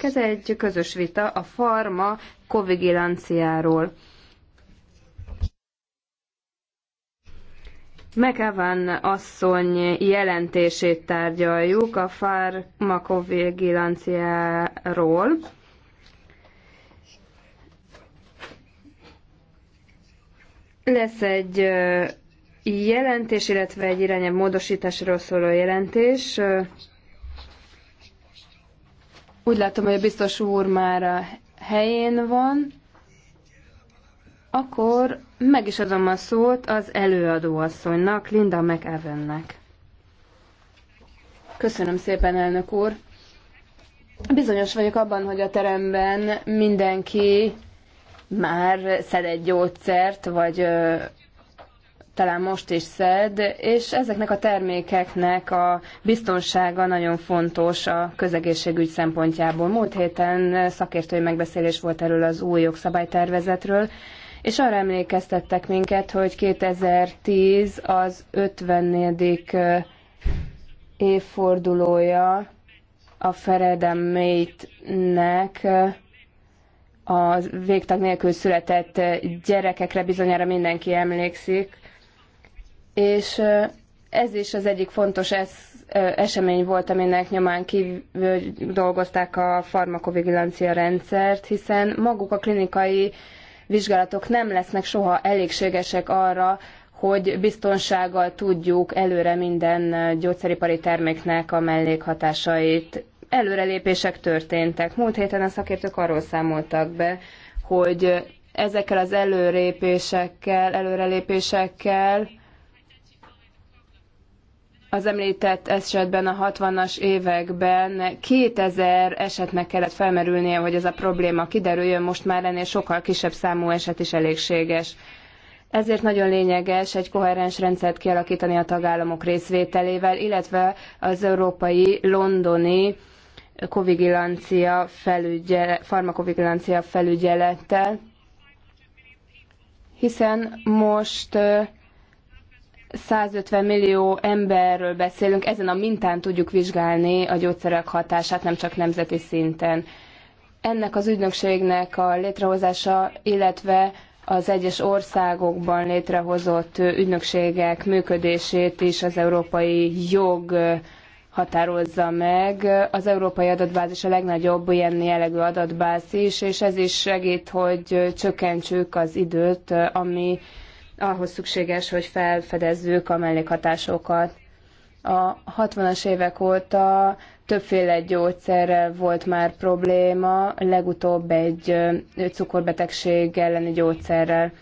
Ez egy közös vita a farma kovigilanciáról. McEwan asszony jelentését tárgyaljuk a farmakovigilanciáról. Lesz egy jelentés, illetve egy irányabb módosításról szóló jelentés. Úgy látom, hogy a biztos úr már a helyén van. Akkor meg is adom a szót az előadóasszonynak, Linda McEvennek. Köszönöm szépen, elnök úr. Bizonyos vagyok abban, hogy a teremben mindenki már szed egy gyógyszert, vagy talán most is szed, és ezeknek a termékeknek a biztonsága nagyon fontos a közegészségügy szempontjából. Múlt héten szakértői megbeszélés volt erről az új jogszabálytervezetről, és arra emlékeztettek minket, hogy 2010 az 50. évfordulója a Feredem mate a végtag nélkül született gyerekekre bizonyára mindenki emlékszik, és ez is az egyik fontos esemény volt, aminek nyomán dolgozták a farmakovigilancia rendszert, hiszen maguk a klinikai vizsgálatok nem lesznek soha elégségesek arra, hogy biztonsággal tudjuk előre minden gyógyszeripari terméknek a mellékhatásait. Előrelépések történtek. Múlt héten a szakértők arról számoltak be, hogy ezekkel az előrépésekkel, előrelépésekkel az említett esetben a 60-as években 2000 esetnek kellett felmerülnie, hogy ez a probléma kiderüljön, most már ennél sokkal kisebb számú eset is elégséges. Ezért nagyon lényeges egy koherens rendszert kialakítani a tagállamok részvételével, illetve az európai londoni kovigilancia felügyelet, farmakovigilancia felügyelettel, hiszen most 150 millió emberről beszélünk, ezen a mintán tudjuk vizsgálni a gyógyszerek hatását, nem csak nemzeti szinten. Ennek az ügynökségnek a létrehozása, illetve az egyes országokban létrehozott ügynökségek működését is az európai jog határozza meg. Az európai adatbázis a legnagyobb ilyen jellegű adatbázis, és ez is segít, hogy csökkentsük az időt, ami ahhoz szükséges, hogy felfedezzük a mellékhatásokat. A 60-as évek óta többféle gyógyszerrel volt már probléma, legutóbb egy cukorbetegség elleni gyógyszerrel.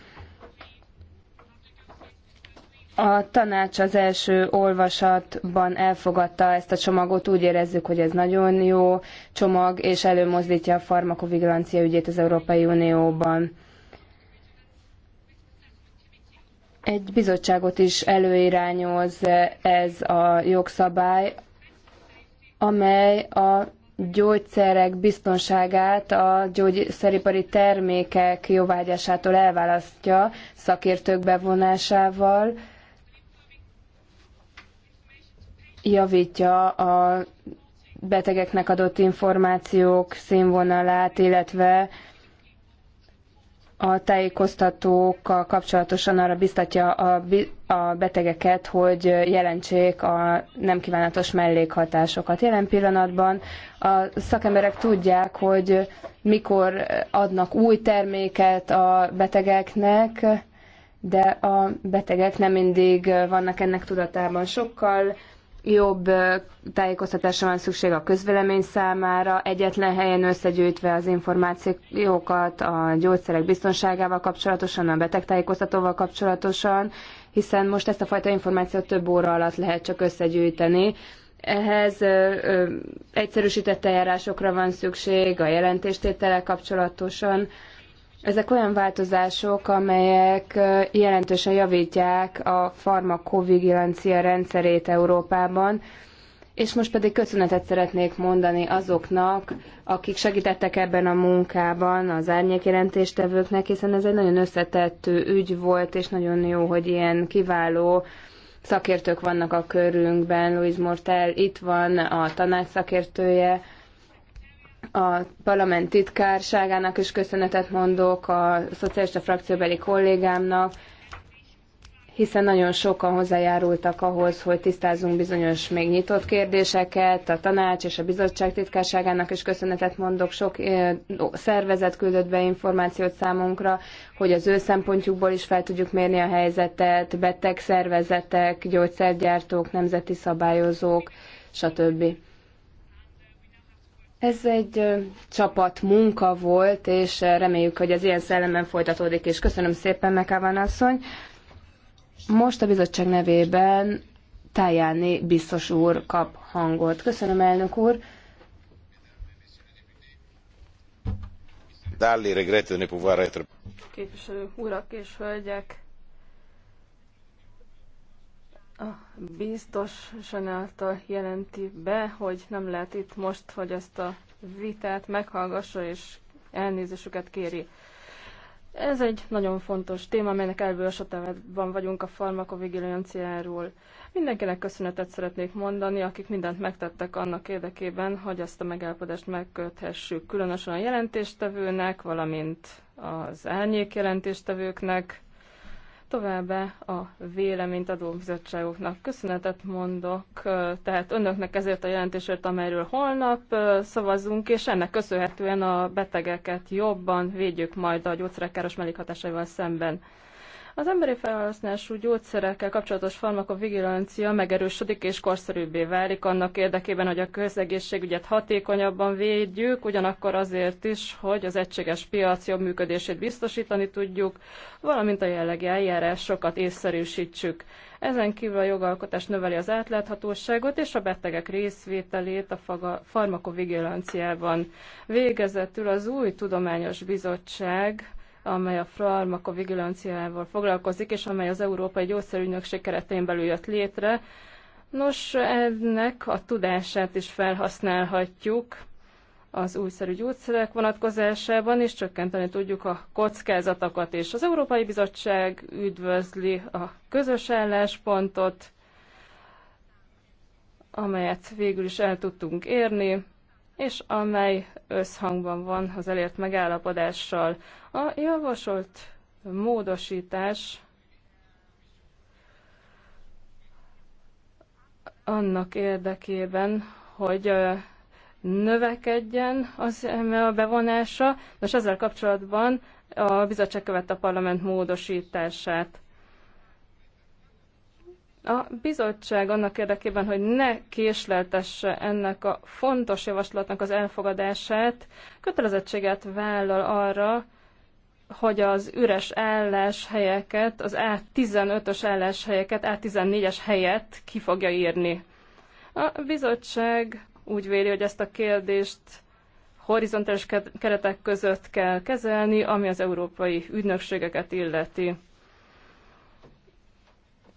A tanács az első olvasatban elfogadta ezt a csomagot, úgy érezzük, hogy ez nagyon jó csomag, és előmozdítja a farmakovigilancia ügyét az Európai Unióban. Egy bizottságot is előirányoz ez a jogszabály, amely a gyógyszerek biztonságát a gyógyszeripari termékek jóvágyásától elválasztja szakértők bevonásával, javítja a betegeknek adott információk színvonalát, illetve a tájékoztatókkal kapcsolatosan arra biztatja a, a betegeket, hogy jelentsék a nem kívánatos mellékhatásokat. Jelen pillanatban a szakemberek tudják, hogy mikor adnak új terméket a betegeknek, de a betegek nem mindig vannak ennek tudatában. Sokkal jobb tájékoztatásra van szükség a közvélemény számára, egyetlen helyen összegyűjtve az információkat a gyógyszerek biztonságával kapcsolatosan, a betegtájékoztatóval kapcsolatosan, hiszen most ezt a fajta információt több óra alatt lehet csak összegyűjteni. Ehhez ö, ö, egyszerűsített eljárásokra van szükség a jelentéstétele kapcsolatosan, ezek olyan változások, amelyek jelentősen javítják a farmakovigilancia rendszerét Európában, és most pedig köszönetet szeretnék mondani azoknak, akik segítettek ebben a munkában, az árnyékjelentéstevőknek, hiszen ez egy nagyon összetett ügy volt, és nagyon jó, hogy ilyen kiváló szakértők vannak a körünkben. Louis Mortel itt van, a tanács szakértője, a parlament titkárságának is köszönetet mondok, a szocialista frakcióbeli kollégámnak, hiszen nagyon sokan hozzájárultak ahhoz, hogy tisztázzunk bizonyos még nyitott kérdéseket, a tanács és a bizottság titkárságának is köszönetet mondok, sok szervezet küldött be információt számunkra, hogy az ő szempontjukból is fel tudjuk mérni a helyzetet, beteg szervezetek, gyógyszergyártók, nemzeti szabályozók, stb. Ez egy csapat munka volt, és reméljük, hogy az ilyen szellemben folytatódik, és köszönöm szépen, Mekában asszony. Most a bizottság nevében Tájáni biztos úr kap hangot. Köszönöm, elnök úr. Képviselő urak és hölgyek, Ah, a biztos sajnálata jelenti be, hogy nem lehet itt most, hogy ezt a vitát meghallgassa és elnézésüket kéri. Ez egy nagyon fontos téma, amelynek elbőrsatában vagyunk a farmakovigilanciáról. Mindenkinek köszönetet szeretnék mondani, akik mindent megtettek annak érdekében, hogy ezt a megállapodást megköthessük, különösen a jelentéstevőnek, valamint az árnyék jelentéstevőknek, Továbbá a véleményt adó bizottságoknak köszönetet mondok, tehát önöknek ezért a jelentésért, amelyről holnap szavazunk, és ennek köszönhetően a betegeket jobban védjük majd a gyógyszerek káros mellékhatásaival szemben. Az emberi felhasználású gyógyszerekkel kapcsolatos farmakovigilancia megerősödik és korszerűbbé válik annak érdekében, hogy a közegészségügyet hatékonyabban védjük, ugyanakkor azért is, hogy az egységes piac jobb működését biztosítani tudjuk, valamint a jellegi eljárásokat észszerűsítsük. Ezen kívül a jogalkotás növeli az átláthatóságot és a betegek részvételét a farmakovigilanciában. Végezetül az új tudományos bizottság amely a farmakovigilanciával foglalkozik, és amely az Európai Gyógyszerügynökség keretén belül jött létre. Nos, ennek a tudását is felhasználhatjuk az újszerű gyógyszerek vonatkozásában, és csökkenteni tudjuk a kockázatokat is. Az Európai Bizottság üdvözli a közös álláspontot, amelyet végül is el tudtunk érni és amely összhangban van az elért megállapodással. A javasolt módosítás annak érdekében, hogy növekedjen az e a bevonása. és ezzel kapcsolatban a bizottság követte a parlament módosítását. A bizottság annak érdekében, hogy ne késleltesse ennek a fontos javaslatnak az elfogadását, kötelezettséget vállal arra, hogy az üres álláshelyeket, az A15-ös álláshelyeket, A14-es helyet ki fogja írni. A bizottság úgy véli, hogy ezt a kérdést horizontális keretek között kell kezelni, ami az európai ügynökségeket illeti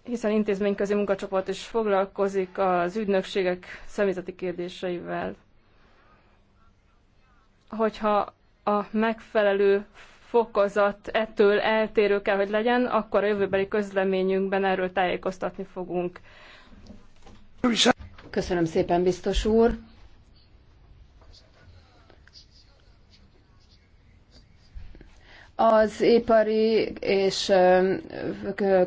hiszen intézményközi munkacsoport is foglalkozik az ügynökségek személyzeti kérdéseivel. Hogyha a megfelelő fokozat ettől eltérő kell, hogy legyen, akkor a jövőbeli közleményünkben erről tájékoztatni fogunk. Köszönöm szépen, biztos úr! az ipari és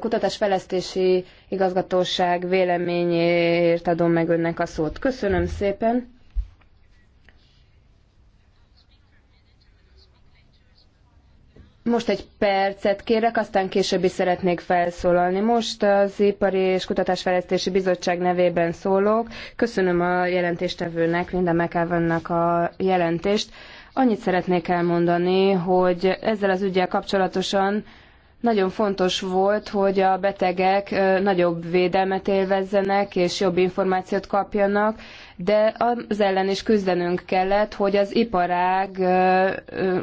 kutatásfejlesztési igazgatóság véleményéért adom meg önnek a szót. Köszönöm szépen. Most egy percet kérek, aztán később is szeretnék felszólalni. Most az Ipari és Kutatásfejlesztési Bizottság nevében szólok. Köszönöm a jelentéstevőnek, Linda McAvennak a jelentést. Annyit szeretnék elmondani, hogy ezzel az ügyel kapcsolatosan nagyon fontos volt, hogy a betegek nagyobb védelmet élvezzenek és jobb információt kapjanak, de az ellen is küzdenünk kellett, hogy az iparág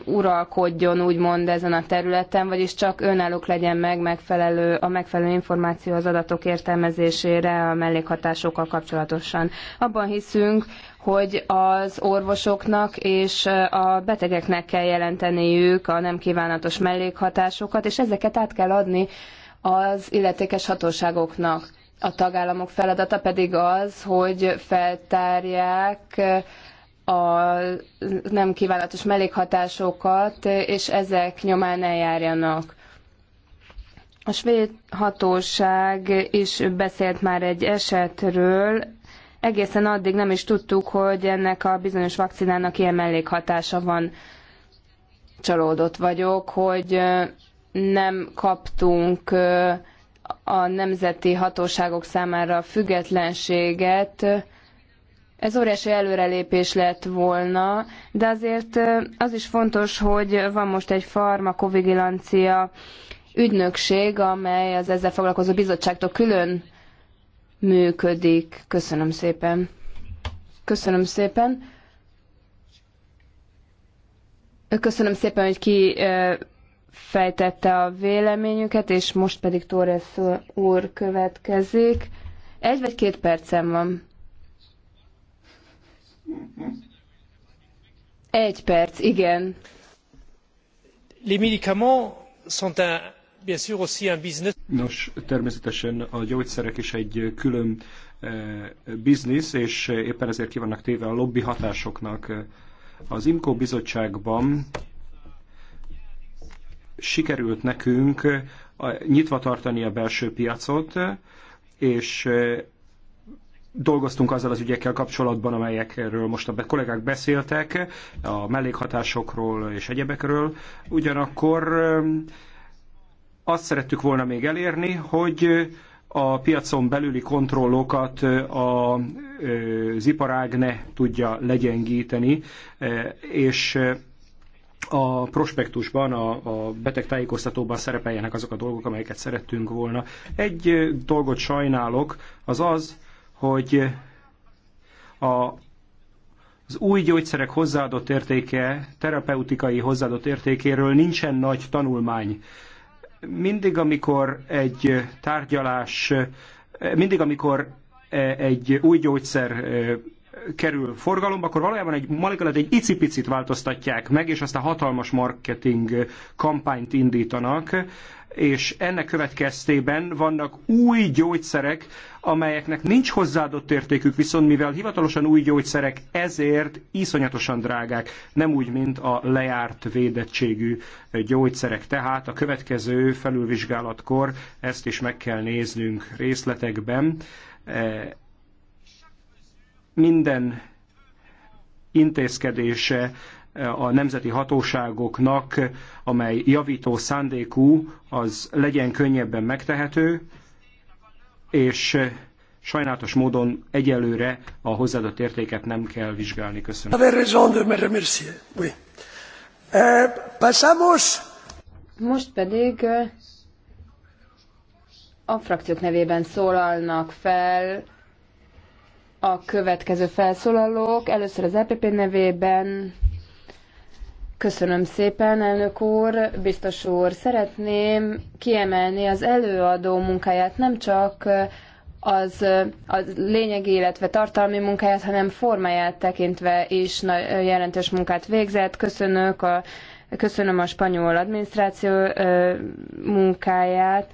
uralkodjon úgymond ezen a területen, vagyis csak önállók legyen meg megfelelő, a megfelelő információ az adatok értelmezésére a mellékhatásokkal kapcsolatosan. Abban hiszünk, hogy az orvosoknak és a betegeknek kell jelenteniük a nem kívánatos mellékhatásokat, és ezeket át kell adni az illetékes hatóságoknak. A tagállamok feladata pedig az, hogy feltárják a nem kívánatos mellékhatásokat, és ezek nyomán eljárjanak. A svéd hatóság is beszélt már egy esetről, egészen addig nem is tudtuk, hogy ennek a bizonyos vakcinának ilyen mellékhatása van. Csalódott vagyok, hogy nem kaptunk a nemzeti hatóságok számára függetlenséget. Ez óriási előrelépés lett volna, de azért az is fontos, hogy van most egy farmakovigilancia ügynökség, amely az ezzel foglalkozó bizottságtól külön működik. Köszönöm szépen. Köszönöm szépen. Köszönöm szépen, hogy ki fejtette a véleményüket, és most pedig Torres úr következik. Egy vagy két percem van. Egy perc, igen. Les médicaments sont un Nos, természetesen a gyógyszerek is egy külön eh, biznisz, és éppen ezért ki vannak téve a lobby hatásoknak. Az IMCO bizottságban sikerült nekünk eh, nyitva tartani a belső piacot, és eh, dolgoztunk azzal az ügyekkel kapcsolatban, amelyekről most a kollégák beszéltek, a mellékhatásokról és egyebekről. Ugyanakkor azt szerettük volna még elérni, hogy a piacon belüli kontrollokat az iparág ne tudja legyengíteni, és a prospektusban, a, a betegtájékoztatóban szerepeljenek azok a dolgok, amelyeket szerettünk volna. Egy dolgot sajnálok, az az, hogy a az új gyógyszerek hozzáadott értéke, terapeutikai hozzáadott értékéről nincsen nagy tanulmány mindig, amikor egy tárgyalás, mindig, amikor e, egy új gyógyszer e, kerül forgalomba, akkor valójában egy molekulát egy icipicit változtatják meg, és aztán hatalmas marketing kampányt indítanak és ennek következtében vannak új gyógyszerek, amelyeknek nincs hozzáadott értékük, viszont mivel hivatalosan új gyógyszerek, ezért iszonyatosan drágák, nem úgy, mint a lejárt védettségű gyógyszerek. Tehát a következő felülvizsgálatkor ezt is meg kell néznünk részletekben. E, minden intézkedése a nemzeti hatóságoknak, amely javító szándékú, az legyen könnyebben megtehető, és sajnálatos módon egyelőre a hozzáadott értéket nem kell vizsgálni. Köszönöm. Euh, Most pedig uh, a frakciók nevében szólalnak fel a következő felszólalók. Először az EPP nevében Köszönöm szépen, elnök úr, biztos úr. Szeretném kiemelni az előadó munkáját, nem csak az, az lényegi, illetve tartalmi munkáját, hanem formáját tekintve is jelentős munkát végzett. Köszönök a, köszönöm a spanyol adminisztráció munkáját.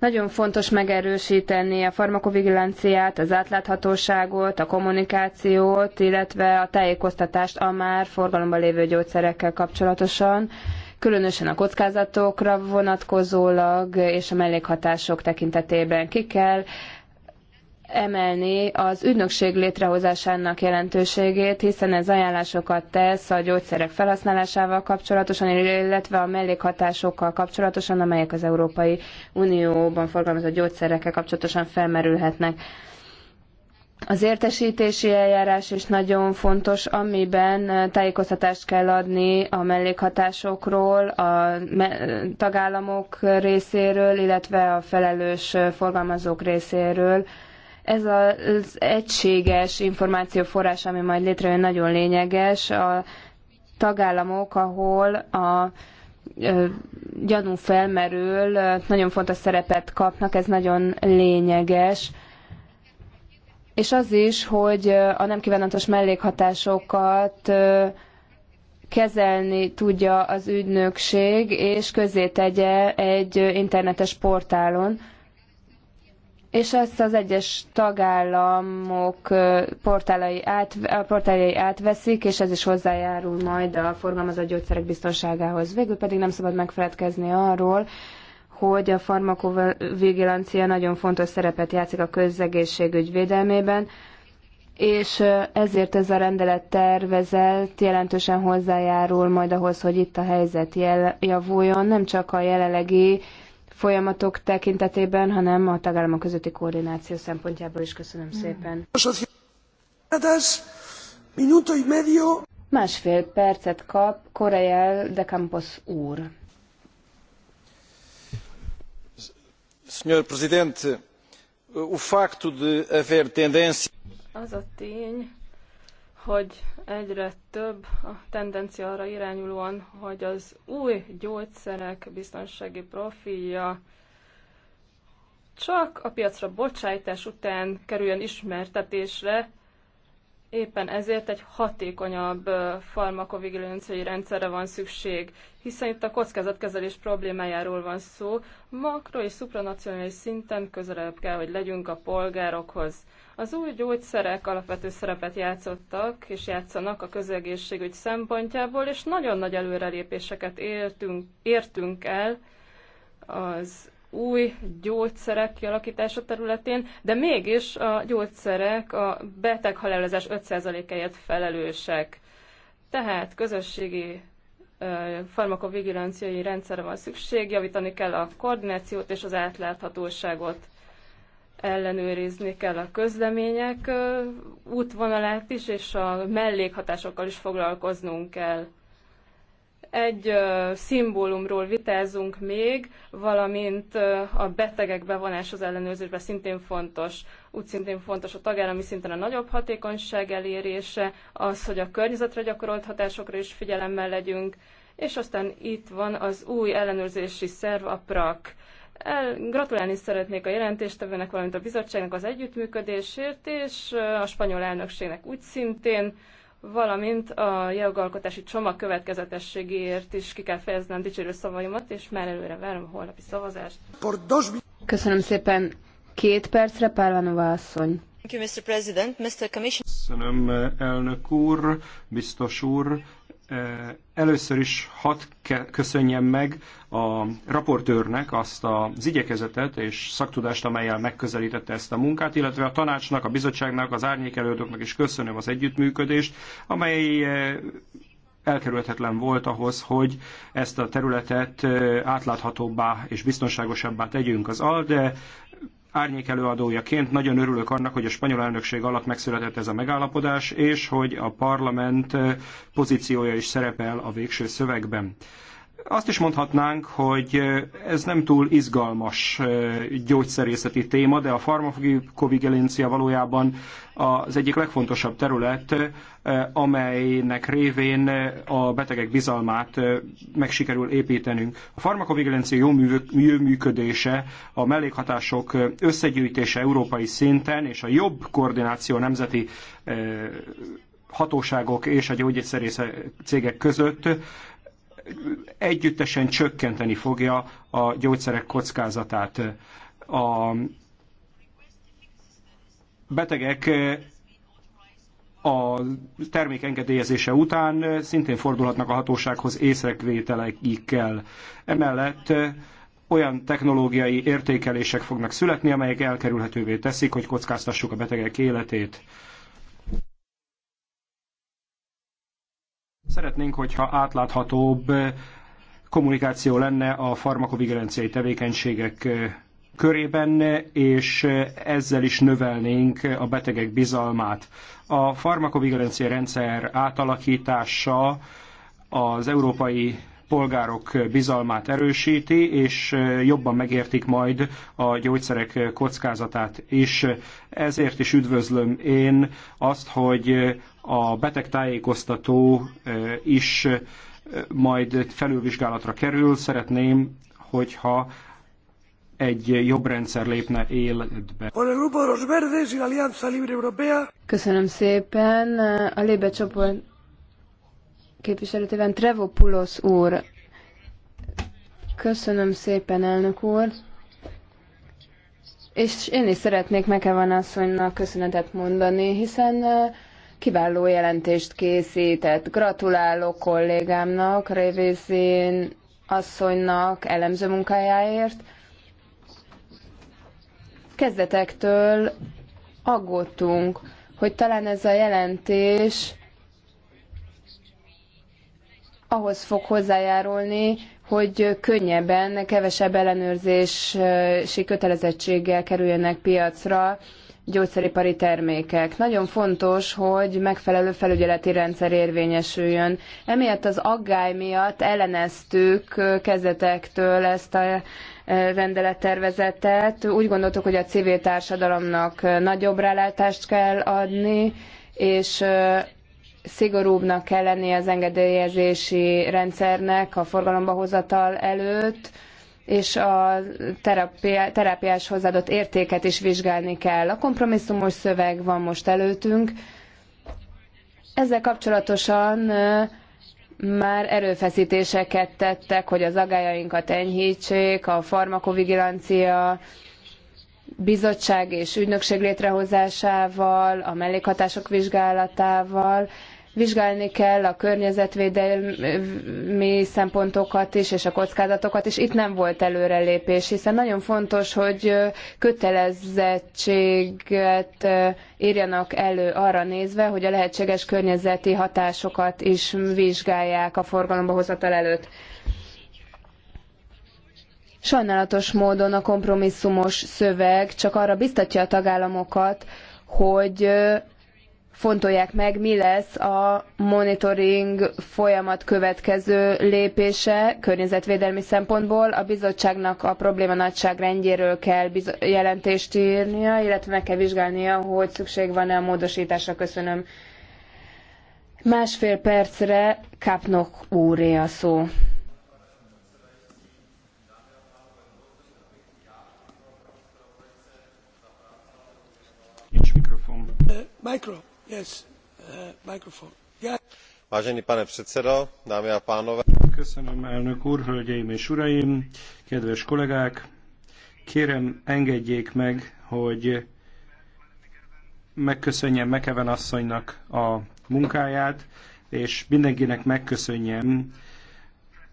Nagyon fontos megerősíteni a farmakovigilanciát, az átláthatóságot, a kommunikációt, illetve a tájékoztatást a már forgalomban lévő gyógyszerekkel kapcsolatosan, különösen a kockázatokra vonatkozólag és a mellékhatások tekintetében ki kell emelni az ügynökség létrehozásának jelentőségét, hiszen ez ajánlásokat tesz a gyógyszerek felhasználásával kapcsolatosan, illetve a mellékhatásokkal kapcsolatosan, amelyek az Európai Unióban forgalmazott gyógyszerekkel kapcsolatosan felmerülhetnek. Az értesítési eljárás is nagyon fontos, amiben tájékoztatást kell adni a mellékhatásokról, a tagállamok részéről, illetve a felelős forgalmazók részéről, ez az egységes információforrás, ami majd létrejön, nagyon lényeges. A tagállamok, ahol a gyanú felmerül, nagyon fontos szerepet kapnak, ez nagyon lényeges. És az is, hogy a nem kívánatos mellékhatásokat kezelni tudja az ügynökség, és közzétegye egy internetes portálon és ezt az egyes tagállamok portálai, át, portálai átveszik, és ez is hozzájárul majd a forgalmazott gyógyszerek biztonságához. Végül pedig nem szabad megfeledkezni arról, hogy a farmakovigilancia nagyon fontos szerepet játszik a közegészségügy védelmében, és ezért ez a rendelet tervezett jelentősen hozzájárul majd ahhoz, hogy itt a helyzet javuljon, nem csak a jelenlegi folyamatok tekintetében, hanem a tagállamok közötti koordináció szempontjából is. Köszönöm szépen. Másfél percet kap Correal de Campos úr. Senhor Presidente, o facto de haver tendência... Az a tény, hogy egyre több a tendencia arra irányulóan, hogy az új gyógyszerek biztonsági profilja csak a piacra bocsájtás után kerüljön ismertetésre, Éppen ezért egy hatékonyabb farmakovigilenciai rendszerre van szükség, hiszen itt a kockázatkezelés problémájáról van szó. Makro és szupranacionális szinten közelebb kell, hogy legyünk a polgárokhoz. Az új gyógyszerek alapvető szerepet játszottak és játszanak a közegészségügy szempontjából, és nagyon nagy előrelépéseket értünk, értünk el az új gyógyszerek kialakítása területén, de mégis a gyógyszerek a beteghalálozás 5%-áért felelősek. Tehát közösségi farmakovigilanciai rendszerre van szükség, javítani kell a koordinációt és az átláthatóságot ellenőrizni kell a közlemények útvonalát is, és a mellékhatásokkal is foglalkoznunk kell egy szimbólumról vitázunk még, valamint a betegek bevonás az ellenőrzésbe szintén fontos. Úgy szintén fontos a tagállami szinten a nagyobb hatékonyság elérése, az, hogy a környezetre gyakorolt hatásokra is figyelemmel legyünk, és aztán itt van az új ellenőrzési szerv, a PRAK. El, gratulálni szeretnék a jelentéstevőnek, valamint a bizottságnak az együttműködésért, és a spanyol elnökségnek úgy szintén, valamint a jogalkotási csomag következetességéért is ki kell fejeznem dicsérő szavaimat, és már előre várom a holnapi szavazást. Köszönöm szépen. Két percre Pálvánova asszony. Köszönöm, elnök úr, biztos úr. Először is hat köszönjem meg a raportőrnek azt az igyekezetet és szaktudást, amelyel megközelítette ezt a munkát, illetve a tanácsnak, a bizottságnak, az árnyékelődöknek is köszönöm az együttműködést, amely elkerülhetetlen volt ahhoz, hogy ezt a területet átláthatóbbá és biztonságosabbá tegyünk. Az ALDE Árnyék előadójaként nagyon örülök annak, hogy a spanyol elnökség alatt megszületett ez a megállapodás, és hogy a parlament eh, pozíciója is szerepel a végső szövegben azt is mondhatnánk, hogy ez nem túl izgalmas gyógyszerészeti téma, de a farmakovigilencia valójában az egyik legfontosabb terület, amelynek révén a betegek bizalmát meg sikerül építenünk. A farmakovigilencia jó működése, a mellékhatások összegyűjtése európai szinten és a jobb koordináció nemzeti hatóságok és a gyógyszerész cégek között együttesen csökkenteni fogja a gyógyszerek kockázatát. A betegek a termék engedélyezése után szintén fordulhatnak a hatósághoz észrekvételeikkel. Emellett olyan technológiai értékelések fognak születni, amelyek elkerülhetővé teszik, hogy kockáztassuk a betegek életét. Szeretnénk, hogyha átláthatóbb eh, kommunikáció lenne a farmakovigilenciai tevékenységek eh, körében, és eh, ezzel is növelnénk a betegek bizalmát. A farmakovigilencia rendszer átalakítása az európai polgárok bizalmát erősíti, és jobban megértik majd a gyógyszerek kockázatát is. Ezért is üdvözlöm én azt, hogy a betegtájékoztató e, is e, majd felülvizsgálatra kerül. Szeretném, hogyha egy jobb rendszer lépne életbe. Köszönöm szépen. A Lébe csoport képviselőtében Trevopulos úr. Köszönöm szépen, elnök úr. És én is szeretnék Mekevan asszonynak köszönetet mondani, hiszen kiváló jelentést készített. Gratulálok kollégámnak, Révészén asszonynak elemző munkájáért. Kezdetektől aggódtunk, hogy talán ez a jelentés ahhoz fog hozzájárulni, hogy könnyebben, kevesebb ellenőrzési kötelezettséggel kerüljenek piacra gyógyszeripari termékek. Nagyon fontos, hogy megfelelő felügyeleti rendszer érvényesüljön. Emiatt az aggály miatt elleneztük kezdetektől ezt a e, rendelettervezetet. Úgy gondoltuk, hogy a civil társadalomnak nagyobb rálátást kell adni, és e, szigorúbbnak kell lennie az engedélyezési rendszernek a forgalomba hozatal előtt és a terápiás hozzáadott értéket is vizsgálni kell. A kompromisszumos szöveg van most előttünk. Ezzel kapcsolatosan már erőfeszítéseket tettek, hogy az agályainkat enyhítsék, a farmakovigilancia bizottság és ügynökség létrehozásával, a mellékhatások vizsgálatával, Vizsgálni kell a környezetvédelmi szempontokat is, és a kockázatokat is. Itt nem volt előrelépés, hiszen nagyon fontos, hogy kötelezettséget írjanak elő arra nézve, hogy a lehetséges környezeti hatásokat is vizsgálják a forgalomba hozatal előtt. Sajnálatos módon a kompromisszumos szöveg csak arra biztatja a tagállamokat, hogy fontolják meg, mi lesz a monitoring folyamat következő lépése környezetvédelmi szempontból. A bizottságnak a probléma nagyságrendjéről kell jelentést írnia, illetve meg kell vizsgálnia, hogy szükség van-e a módosításra. Köszönöm. Másfél percre Kapnok úré a szó. Nincs mikrofon. Uh, Vážený pane předsedo, dámy a pánové. úr, kedves kollégák. Kérem, engedjék meg, hogy megköszönjem mcavan asszonynak a munkáját, és mindenkinek megköszönjem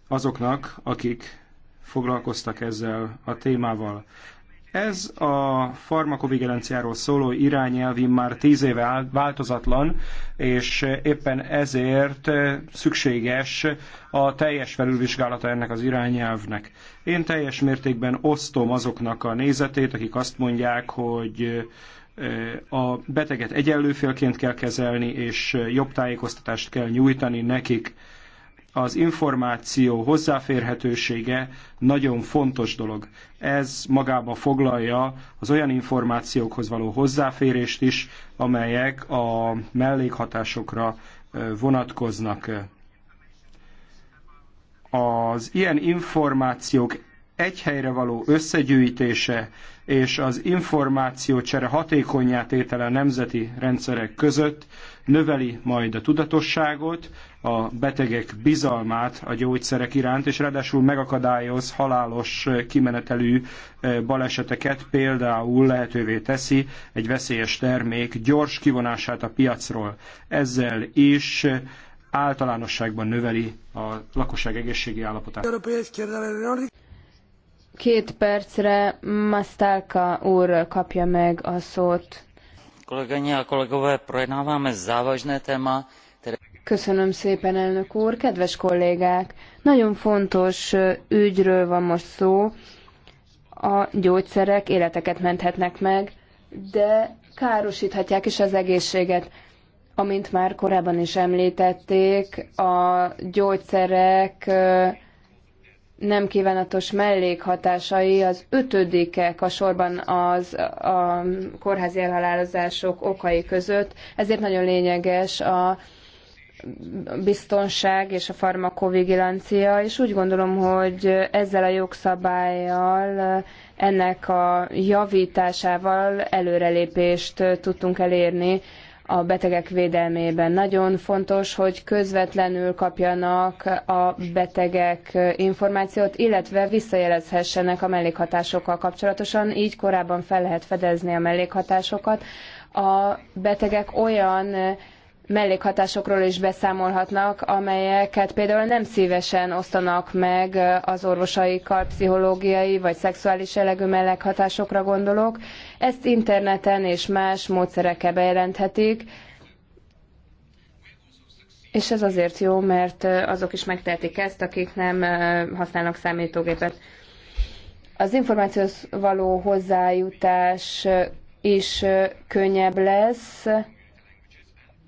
azoknak, akik foglalkoztak ezzel a témával. Ez a farmakovigilanciáról szóló irányelv már tíz éve változatlan, és éppen ezért szükséges a teljes felülvizsgálata ennek az irányelvnek. Én teljes mértékben osztom azoknak a nézetét, akik azt mondják, hogy a beteget egyenlőfélként kell kezelni, és jobb tájékoztatást kell nyújtani nekik az információ hozzáférhetősége nagyon fontos dolog. Ez magába foglalja az olyan információkhoz való hozzáférést is, amelyek a mellékhatásokra vonatkoznak. Az ilyen információk egy helyre való összegyűjtése és az információcsere hatékonyá tétele a nemzeti rendszerek között növeli majd a tudatosságot, a betegek bizalmát a gyógyszerek iránt, és ráadásul megakadályoz halálos kimenetelű e, baleseteket, például lehetővé teszi egy veszélyes termék gyors kivonását a piacról. Ezzel is általánosságban növeli a lakosság egészségi állapotát. Két percre Masztálka úr kapja meg a szót. Kolegyně a kolegové, projednáváme závažné téma, Köszönöm szépen, elnök úr. Kedves kollégák, nagyon fontos ügyről van most szó. A gyógyszerek életeket menthetnek meg, de károsíthatják is az egészséget. Amint már korábban is említették, a gyógyszerek nem kívánatos mellékhatásai az ötödikek a sorban az a kórházi elhalálozások okai között, ezért nagyon lényeges a biztonság és a farmakovigilancia, és úgy gondolom, hogy ezzel a jogszabályjal, ennek a javításával előrelépést tudtunk elérni a betegek védelmében. Nagyon fontos, hogy közvetlenül kapjanak a betegek információt, illetve visszajelezhessenek a mellékhatásokkal kapcsolatosan, így korábban fel lehet fedezni a mellékhatásokat. A betegek olyan mellékhatásokról is beszámolhatnak, amelyeket például nem szívesen osztanak meg az orvosaikkal, pszichológiai vagy szexuális jellegű mellékhatásokra gondolok. Ezt interneten és más módszerekkel bejelenthetik, és ez azért jó, mert azok is megtehetik ezt, akik nem használnak számítógépet. Az információhoz való hozzájutás is könnyebb lesz,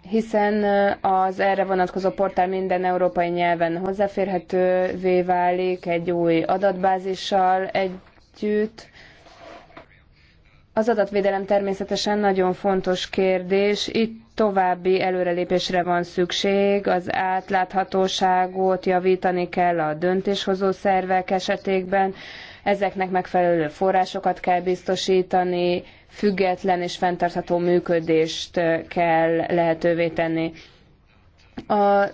hiszen az erre vonatkozó portál minden európai nyelven hozzáférhetővé válik egy új adatbázissal együtt. Az adatvédelem természetesen nagyon fontos kérdés. Itt további előrelépésre van szükség, az átláthatóságot javítani kell a döntéshozó szervek esetében, ezeknek megfelelő forrásokat kell biztosítani, független és fenntartható működést kell lehetővé tenni. A,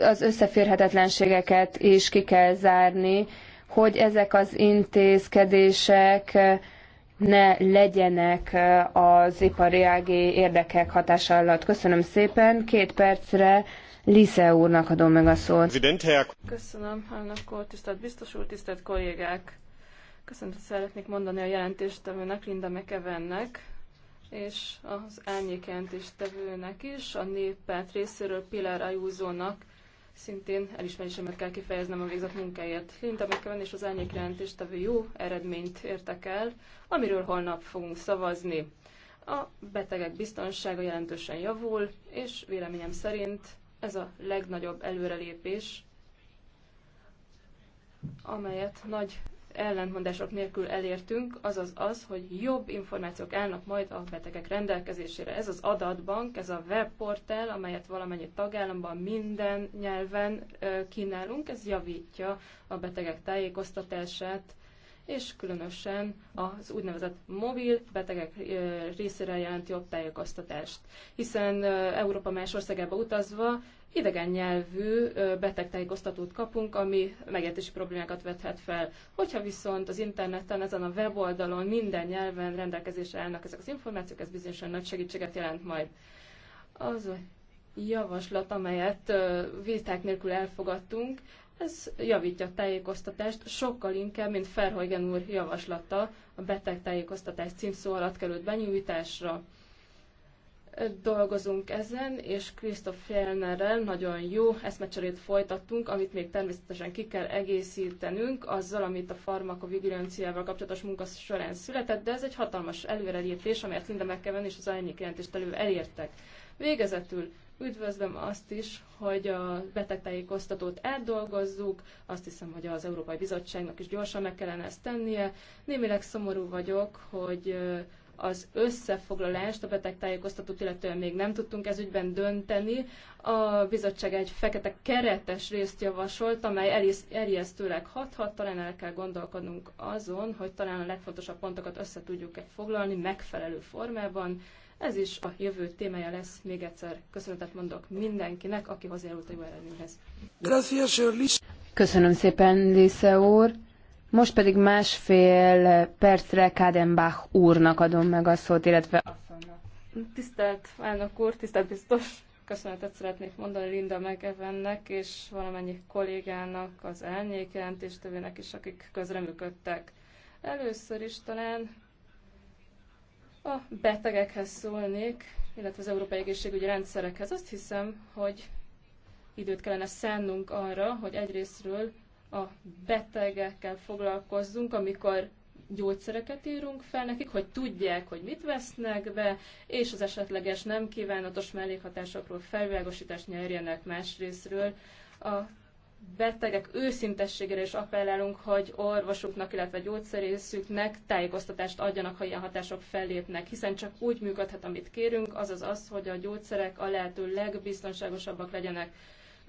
az összeférhetetlenségeket is ki kell zárni, hogy ezek az intézkedések ne legyenek az ipari ági érdekek hatása alatt. Köszönöm szépen. Két percre Lisze úrnak adom meg a szót. Köszönöm, elnök úr, tisztelt biztos úr, tisztelt kollégák! hogy szeretnék mondani a jelentéstevőnek, Linda McEvennek, és az árnyék jelentéstevőnek is, a néppárt részéről Pilar Ajúzónak szintén elismerésemet kell kifejeznem a végzett munkáért. Linda McEwen és az árnyék jelentéstevő jó eredményt értek el, amiről holnap fogunk szavazni. A betegek biztonsága jelentősen javul, és véleményem szerint ez a legnagyobb előrelépés, amelyet nagy ellentmondások nélkül elértünk, azaz az, hogy jobb információk állnak majd a betegek rendelkezésére. Ez az adatbank, ez a webportál, amelyet valamennyi tagállamban minden nyelven kínálunk, ez javítja a betegek tájékoztatását és különösen az úgynevezett mobil betegek részére jelenti jobb tájékoztatást. Hiszen Európa más országába utazva idegen nyelvű tájékoztatót kapunk, ami megértési problémákat vethet fel. Hogyha viszont az interneten, ezen a weboldalon minden nyelven rendelkezésre állnak ezek az információk, ez bizonyosan nagy segítséget jelent majd. Az a javaslat, amelyet viták nélkül elfogadtunk, ez javítja a tájékoztatást, sokkal inkább, mint Ferhojgen úr javaslata a beteg tájékoztatás címszó alatt került benyújtásra. Dolgozunk ezen, és Krisztof Fjellnerrel nagyon jó eszmecserét folytattunk, amit még természetesen ki kell egészítenünk azzal, amit a farmakovigilanciával kapcsolatos munka során született, de ez egy hatalmas előrelépés, amelyet Linda McKeven és az Árnyék elő elértek. Végezetül Üdvözlöm azt is, hogy a betegtájékoztatót átdolgozzuk, azt hiszem, hogy az Európai Bizottságnak is gyorsan meg kellene ezt tennie. Némileg szomorú vagyok, hogy az összefoglalást, a betegtájékoztatót illetően még nem tudtunk ez ügyben dönteni. A bizottság egy fekete keretes részt javasolt, amely erjesztőleg hathat, talán el kell gondolkodnunk azon, hogy talán a legfontosabb pontokat össze tudjuk-e foglalni megfelelő formában, ez is a jövő témája lesz. Még egyszer köszönetet mondok mindenkinek, aki hozzájárult a jó eredményhez. Köszönöm szépen, Lisa úr. Most pedig másfél percre Kádenbach úrnak adom meg a szót, illetve Tisztelt elnök úr, tisztelt biztos, köszönetet szeretnék mondani Linda Megevennek és valamennyi kollégának, az jelentéstevőnek is, akik közreműködtek. Először is talán a betegekhez szólnék, illetve az európai egészségügyi rendszerekhez. Azt hiszem, hogy időt kellene szánnunk arra, hogy egyrésztről a betegekkel foglalkozzunk, amikor gyógyszereket írunk fel nekik, hogy tudják, hogy mit vesznek be, és az esetleges nem kívánatos mellékhatásokról felvilágosítást nyerjenek másrésztről. A betegek őszintességére is appellálunk, hogy orvosuknak, illetve gyógyszerészüknek tájékoztatást adjanak, ha ilyen hatások fellépnek, hiszen csak úgy működhet, amit kérünk, azaz az, hogy a gyógyszerek a lehető legbiztonságosabbak legyenek.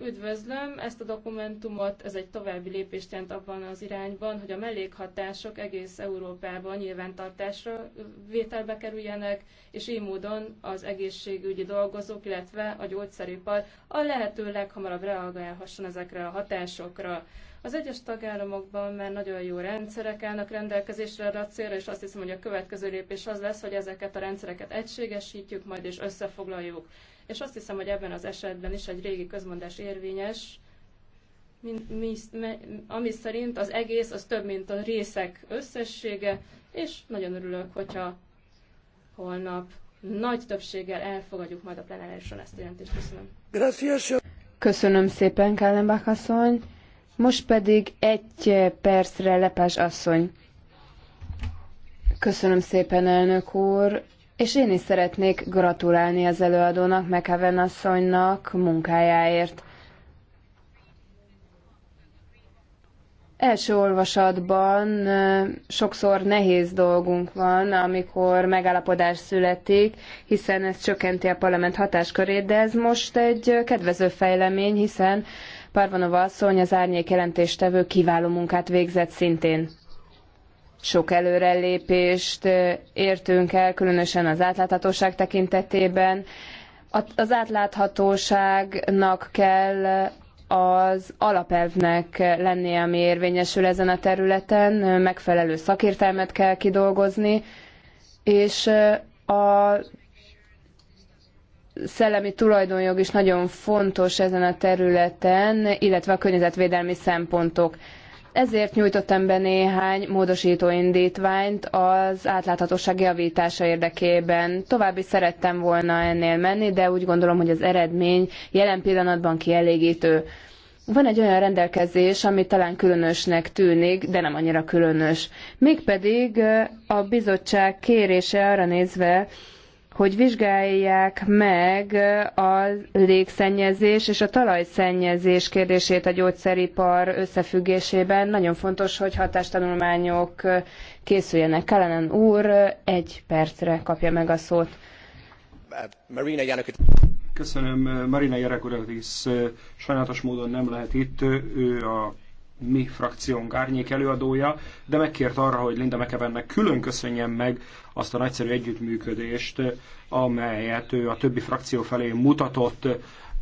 Üdvözlöm ezt a dokumentumot, ez egy további lépést jelent abban az irányban, hogy a mellékhatások egész Európában nyilvántartásra vételbe kerüljenek, és így módon az egészségügyi dolgozók, illetve a gyógyszeripar a lehető leghamarabb reagálhasson ezekre a hatásokra. Az egyes tagállamokban már nagyon jó rendszerek állnak rendelkezésre a célra, és azt hiszem, hogy a következő lépés az lesz, hogy ezeket a rendszereket egységesítjük, majd és összefoglaljuk és azt hiszem, hogy ebben az esetben is egy régi közmondás érvényes, mi, mi, ami szerint az egész az több, mint a részek összessége, és nagyon örülök, hogyha holnap nagy többséggel elfogadjuk majd a plenárison ezt a jelentést. Köszönöm. Gracias. Köszönöm szépen, Kállenbach asszony. Most pedig egy percre Lepás asszony. Köszönöm szépen, elnök úr. És én is szeretnék gratulálni az előadónak, Mekeven asszonynak munkájáért. Első olvasatban sokszor nehéz dolgunk van, amikor megállapodás születik, hiszen ez csökkenti a parlament hatáskörét, de ez most egy kedvező fejlemény, hiszen Parvanova asszony az árnyék jelentéstevő kiváló munkát végzett szintén sok előrelépést értünk el, különösen az átláthatóság tekintetében. Az átláthatóságnak kell az alapelvnek lennie, ami érvényesül ezen a területen, megfelelő szakértelmet kell kidolgozni, és a szellemi tulajdonjog is nagyon fontos ezen a területen, illetve a környezetvédelmi szempontok. Ezért nyújtottam be néhány módosító indítványt az átláthatóság javítása érdekében. További szerettem volna ennél menni, de úgy gondolom, hogy az eredmény jelen pillanatban kielégítő. Van egy olyan rendelkezés, ami talán különösnek tűnik, de nem annyira különös. Mégpedig a bizottság kérése arra nézve, hogy vizsgálják meg a légszennyezés és a talajszennyezés kérdését a gyógyszeripar összefüggésében. Nagyon fontos, hogy hatástanulmányok készüljenek. Kellenen úr egy percre kapja meg a szót. Marina Janukit. Köszönöm. Marina Janakodatis sajnálatos módon nem lehet itt. Ő a mi frakciónk árnyék előadója, de megkért arra, hogy Linda McEvennek külön köszönjem meg azt a nagyszerű együttműködést, amelyet ő a többi frakció felé mutatott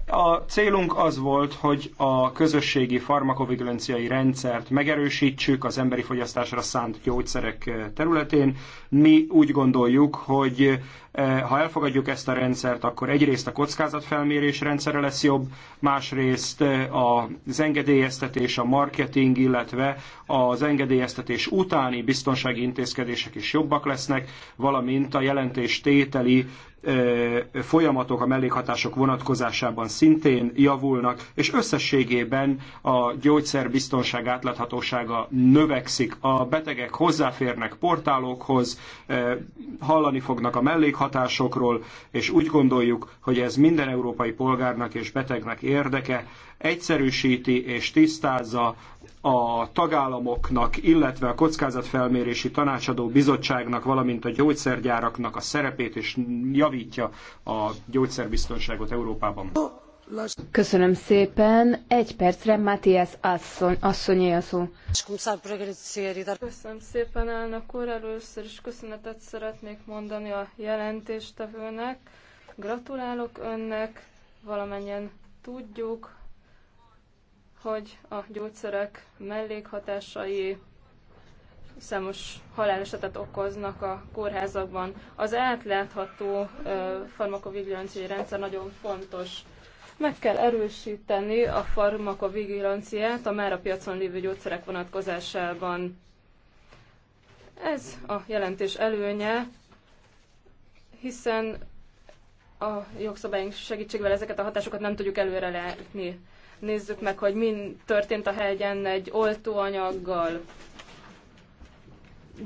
a célunk az volt, hogy a közösségi farmakovigilanciai rendszert megerősítsük az emberi fogyasztásra szánt gyógyszerek eh, területén. Mi úgy gondoljuk, hogy eh, ha elfogadjuk ezt a rendszert, akkor egyrészt a kockázatfelmérés rendszere lesz jobb, másrészt eh, az engedélyeztetés, a marketing, illetve az engedélyeztetés utáni biztonsági intézkedések is jobbak lesznek, valamint a jelentés tételi folyamatok a mellékhatások vonatkozásában szintén javulnak, és összességében a gyógyszerbiztonság átláthatósága növekszik. A betegek hozzáférnek portálokhoz, hallani fognak a mellékhatásokról, és úgy gondoljuk, hogy ez minden európai polgárnak és betegnek érdeke, egyszerűsíti és tisztázza a tagállamoknak, illetve a kockázatfelmérési tanácsadó bizottságnak, valamint a gyógyszergyáraknak a szerepét, és javítja a gyógyszerbiztonságot Európában. Köszönöm szépen. Egy percre Matthias asszony, asszonyé a szó. Köszönöm szépen, elnök úr. Először is köszönetet szeretnék mondani a jelentéstevőnek. Gratulálok önnek. Valamennyien tudjuk, hogy a gyógyszerek mellékhatásai számos halálesetet okoznak a kórházakban. Az átlátható farmakovigilanciai rendszer nagyon fontos. Meg kell erősíteni a farmakovigilanciát a már a piacon lévő gyógyszerek vonatkozásában. Ez a jelentés előnye, hiszen a jogszabályunk segítségével ezeket a hatásokat nem tudjuk előre látni nézzük meg, hogy mi történt a hegyen egy oltóanyaggal.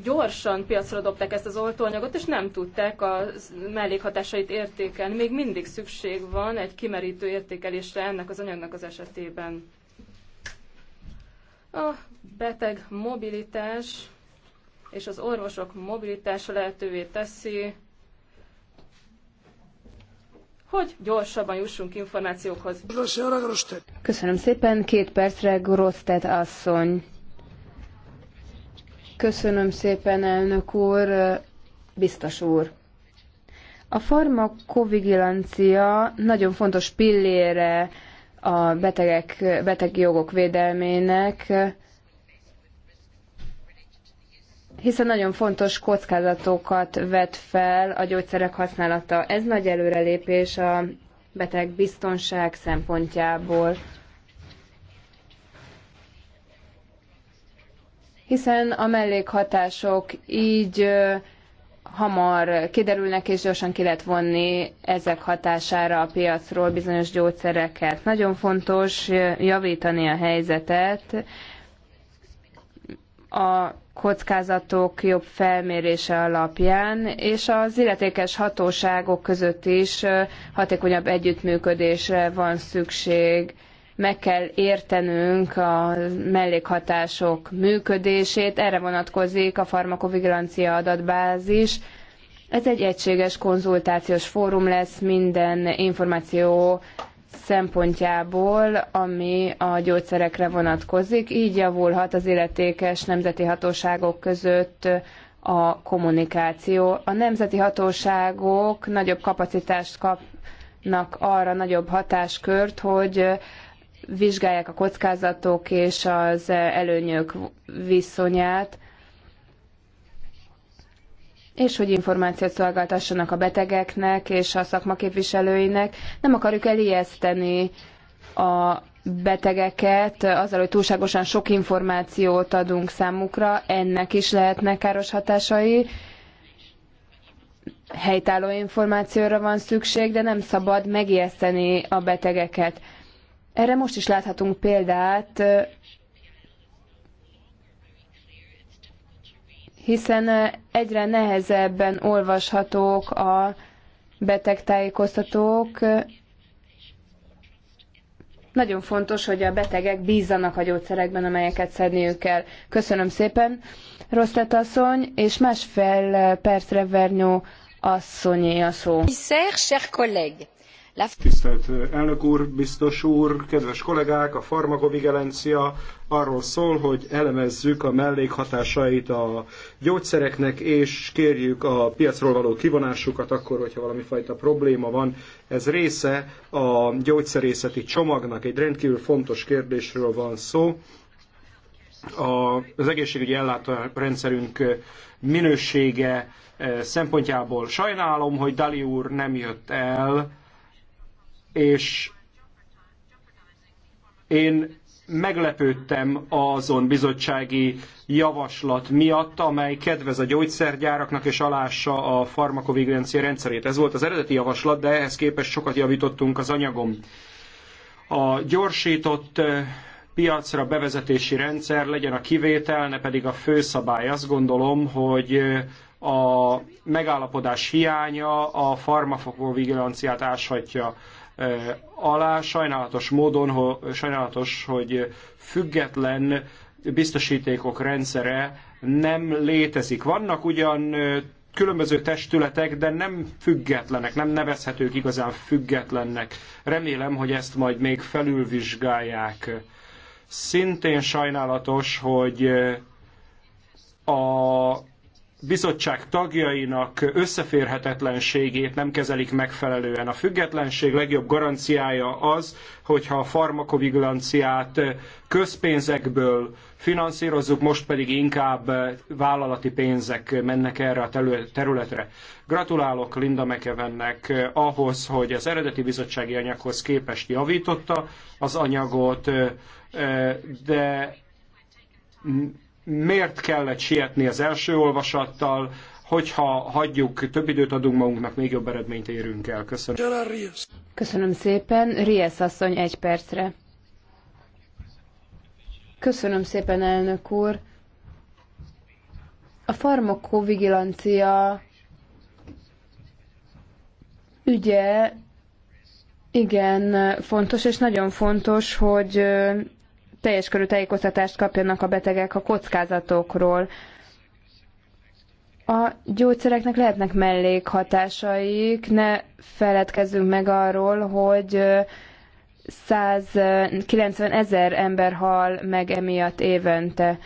Gyorsan piacra dobták ezt az oltóanyagot, és nem tudták a mellékhatásait értékelni. Még mindig szükség van egy kimerítő értékelésre ennek az anyagnak az esetében. A beteg mobilitás és az orvosok mobilitása lehetővé teszi, hogy gyorsabban jussunk információkhoz. Köszönöm szépen, két percre Grosztet asszony. Köszönöm szépen, elnök úr, biztos úr. A farmakovigilancia nagyon fontos pillére a betegek, beteg jogok védelmének, hiszen nagyon fontos kockázatokat vet fel a gyógyszerek használata. Ez nagy előrelépés a beteg biztonság szempontjából. Hiszen a mellékhatások így hamar kiderülnek, és gyorsan ki lehet vonni ezek hatására a piacról bizonyos gyógyszereket. Nagyon fontos javítani a helyzetet. A kockázatok jobb felmérése alapján, és az illetékes hatóságok között is hatékonyabb együttműködésre van szükség. Meg kell értenünk a mellékhatások működését, erre vonatkozik a farmakovigilancia adatbázis. Ez egy egységes konzultációs fórum lesz minden információ szempontjából, ami a gyógyszerekre vonatkozik. Így javulhat az illetékes nemzeti hatóságok között a kommunikáció. A nemzeti hatóságok nagyobb kapacitást kapnak arra, nagyobb hatáskört, hogy vizsgálják a kockázatok és az előnyök viszonyát, és hogy információt szolgáltassanak a betegeknek és a szakmaképviselőinek. Nem akarjuk elijeszteni a betegeket azzal, hogy túlságosan sok információt adunk számukra, ennek is lehetnek káros hatásai. Helytálló információra van szükség, de nem szabad megijeszteni a betegeket. Erre most is láthatunk példát, hiszen egyre nehezebben olvashatók a betegtájékoztatók. Nagyon fontos, hogy a betegek bízzanak a gyógyszerekben, amelyeket szedniük kell. Köszönöm szépen, Rosztet asszony, és másfél percre Vernyó asszonyé a szó. Tisztelt elnök úr, biztos úr, kedves kollégák, a farmakovigilencia arról szól, hogy elemezzük a mellékhatásait a gyógyszereknek, és kérjük a piacról való kivonásukat akkor, hogyha valami fajta probléma van. Ez része a gyógyszerészeti csomagnak. Egy rendkívül fontos kérdésről van szó az egészségügyi ellátórendszerünk minősége szempontjából sajnálom, hogy Dali úr nem jött el, és én meglepődtem azon bizottsági javaslat miatt, amely kedvez a gyógyszergyáraknak és alássa a farmakovigilancia rendszerét. Ez volt az eredeti javaslat, de ehhez képest sokat javítottunk az anyagom. A gyorsított piacra bevezetési rendszer legyen a kivétel, ne pedig a főszabály. Azt gondolom, hogy a megállapodás hiánya a farmakovigilanciát áshatja alá. Sajnálatos módon, sajnálatos, hogy független biztosítékok rendszere nem létezik. Vannak ugyan különböző testületek, de nem függetlenek, nem nevezhetők igazán függetlennek. Remélem, hogy ezt majd még felülvizsgálják. Szintén sajnálatos, hogy a bizottság tagjainak összeférhetetlenségét nem kezelik megfelelően. A függetlenség legjobb garanciája az, hogyha a farmakovigilanciát közpénzekből finanszírozzuk, most pedig inkább vállalati pénzek mennek erre a területre. Gratulálok Linda McEvennek ahhoz, hogy az eredeti bizottsági anyaghoz képest javította az anyagot, de miért kellett sietni az első olvasattal, hogyha hagyjuk, több időt adunk magunknak, még jobb eredményt érünk el. Köszönöm. Köszönöm szépen. Ries asszony egy percre. Köszönöm szépen, elnök úr. A farmakovigilancia ügye igen fontos, és nagyon fontos, hogy teljes körű tájékoztatást kapjanak a betegek a kockázatokról. A gyógyszereknek lehetnek mellékhatásaik, ne feledkezzünk meg arról, hogy 190 ezer ember hal meg emiatt évente.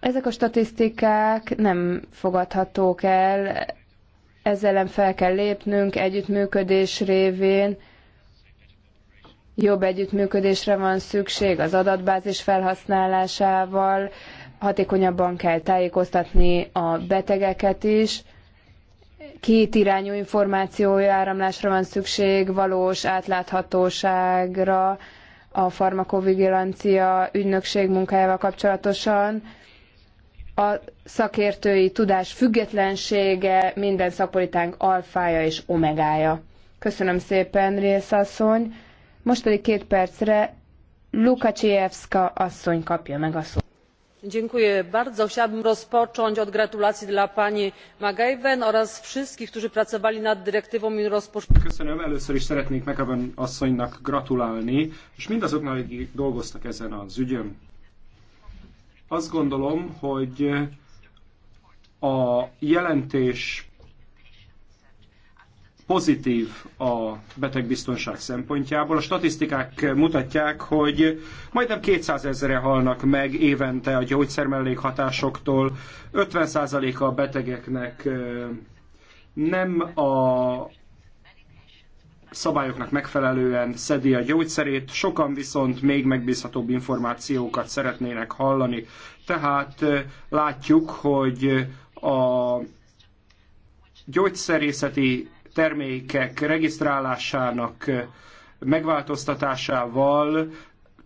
Ezek a statisztikák nem fogadhatók el, ezzel ellen fel kell lépnünk együttműködés révén, jobb együttműködésre van szükség az adatbázis felhasználásával, hatékonyabban kell tájékoztatni a betegeket is, kétirányú információáramlásra van szükség, valós átláthatóságra a farmakovigilancia ügynökség munkájával kapcsolatosan. A szakértői tudás függetlensége minden szakpolitánk alfája és omegája. Köszönöm szépen, Rész asszony. Most pedig két percre Lukacsijewska asszony kapja meg a szót. Dziękuję bardzo. Chciałabym rozpocząć od gratulacji dla pani McGaven oraz wszystkich, którzy pracowali nad dyrektywą i rozpoczęli. Köszönöm. Először is szeretnék McGaven asszonynak gratulálni, és mindazoknak, akik dolgoztak ezen az ügyön. Azt gondolom, hogy a jelentés pozitív a betegbiztonság szempontjából. A statisztikák mutatják, hogy majdnem 200 ezerre halnak meg évente a mellékhatásoktól. 50%-a a betegeknek nem a szabályoknak megfelelően szedi a gyógyszerét, sokan viszont még megbízhatóbb információkat szeretnének hallani. Tehát látjuk, hogy a gyógyszerészeti termékek regisztrálásának megváltoztatásával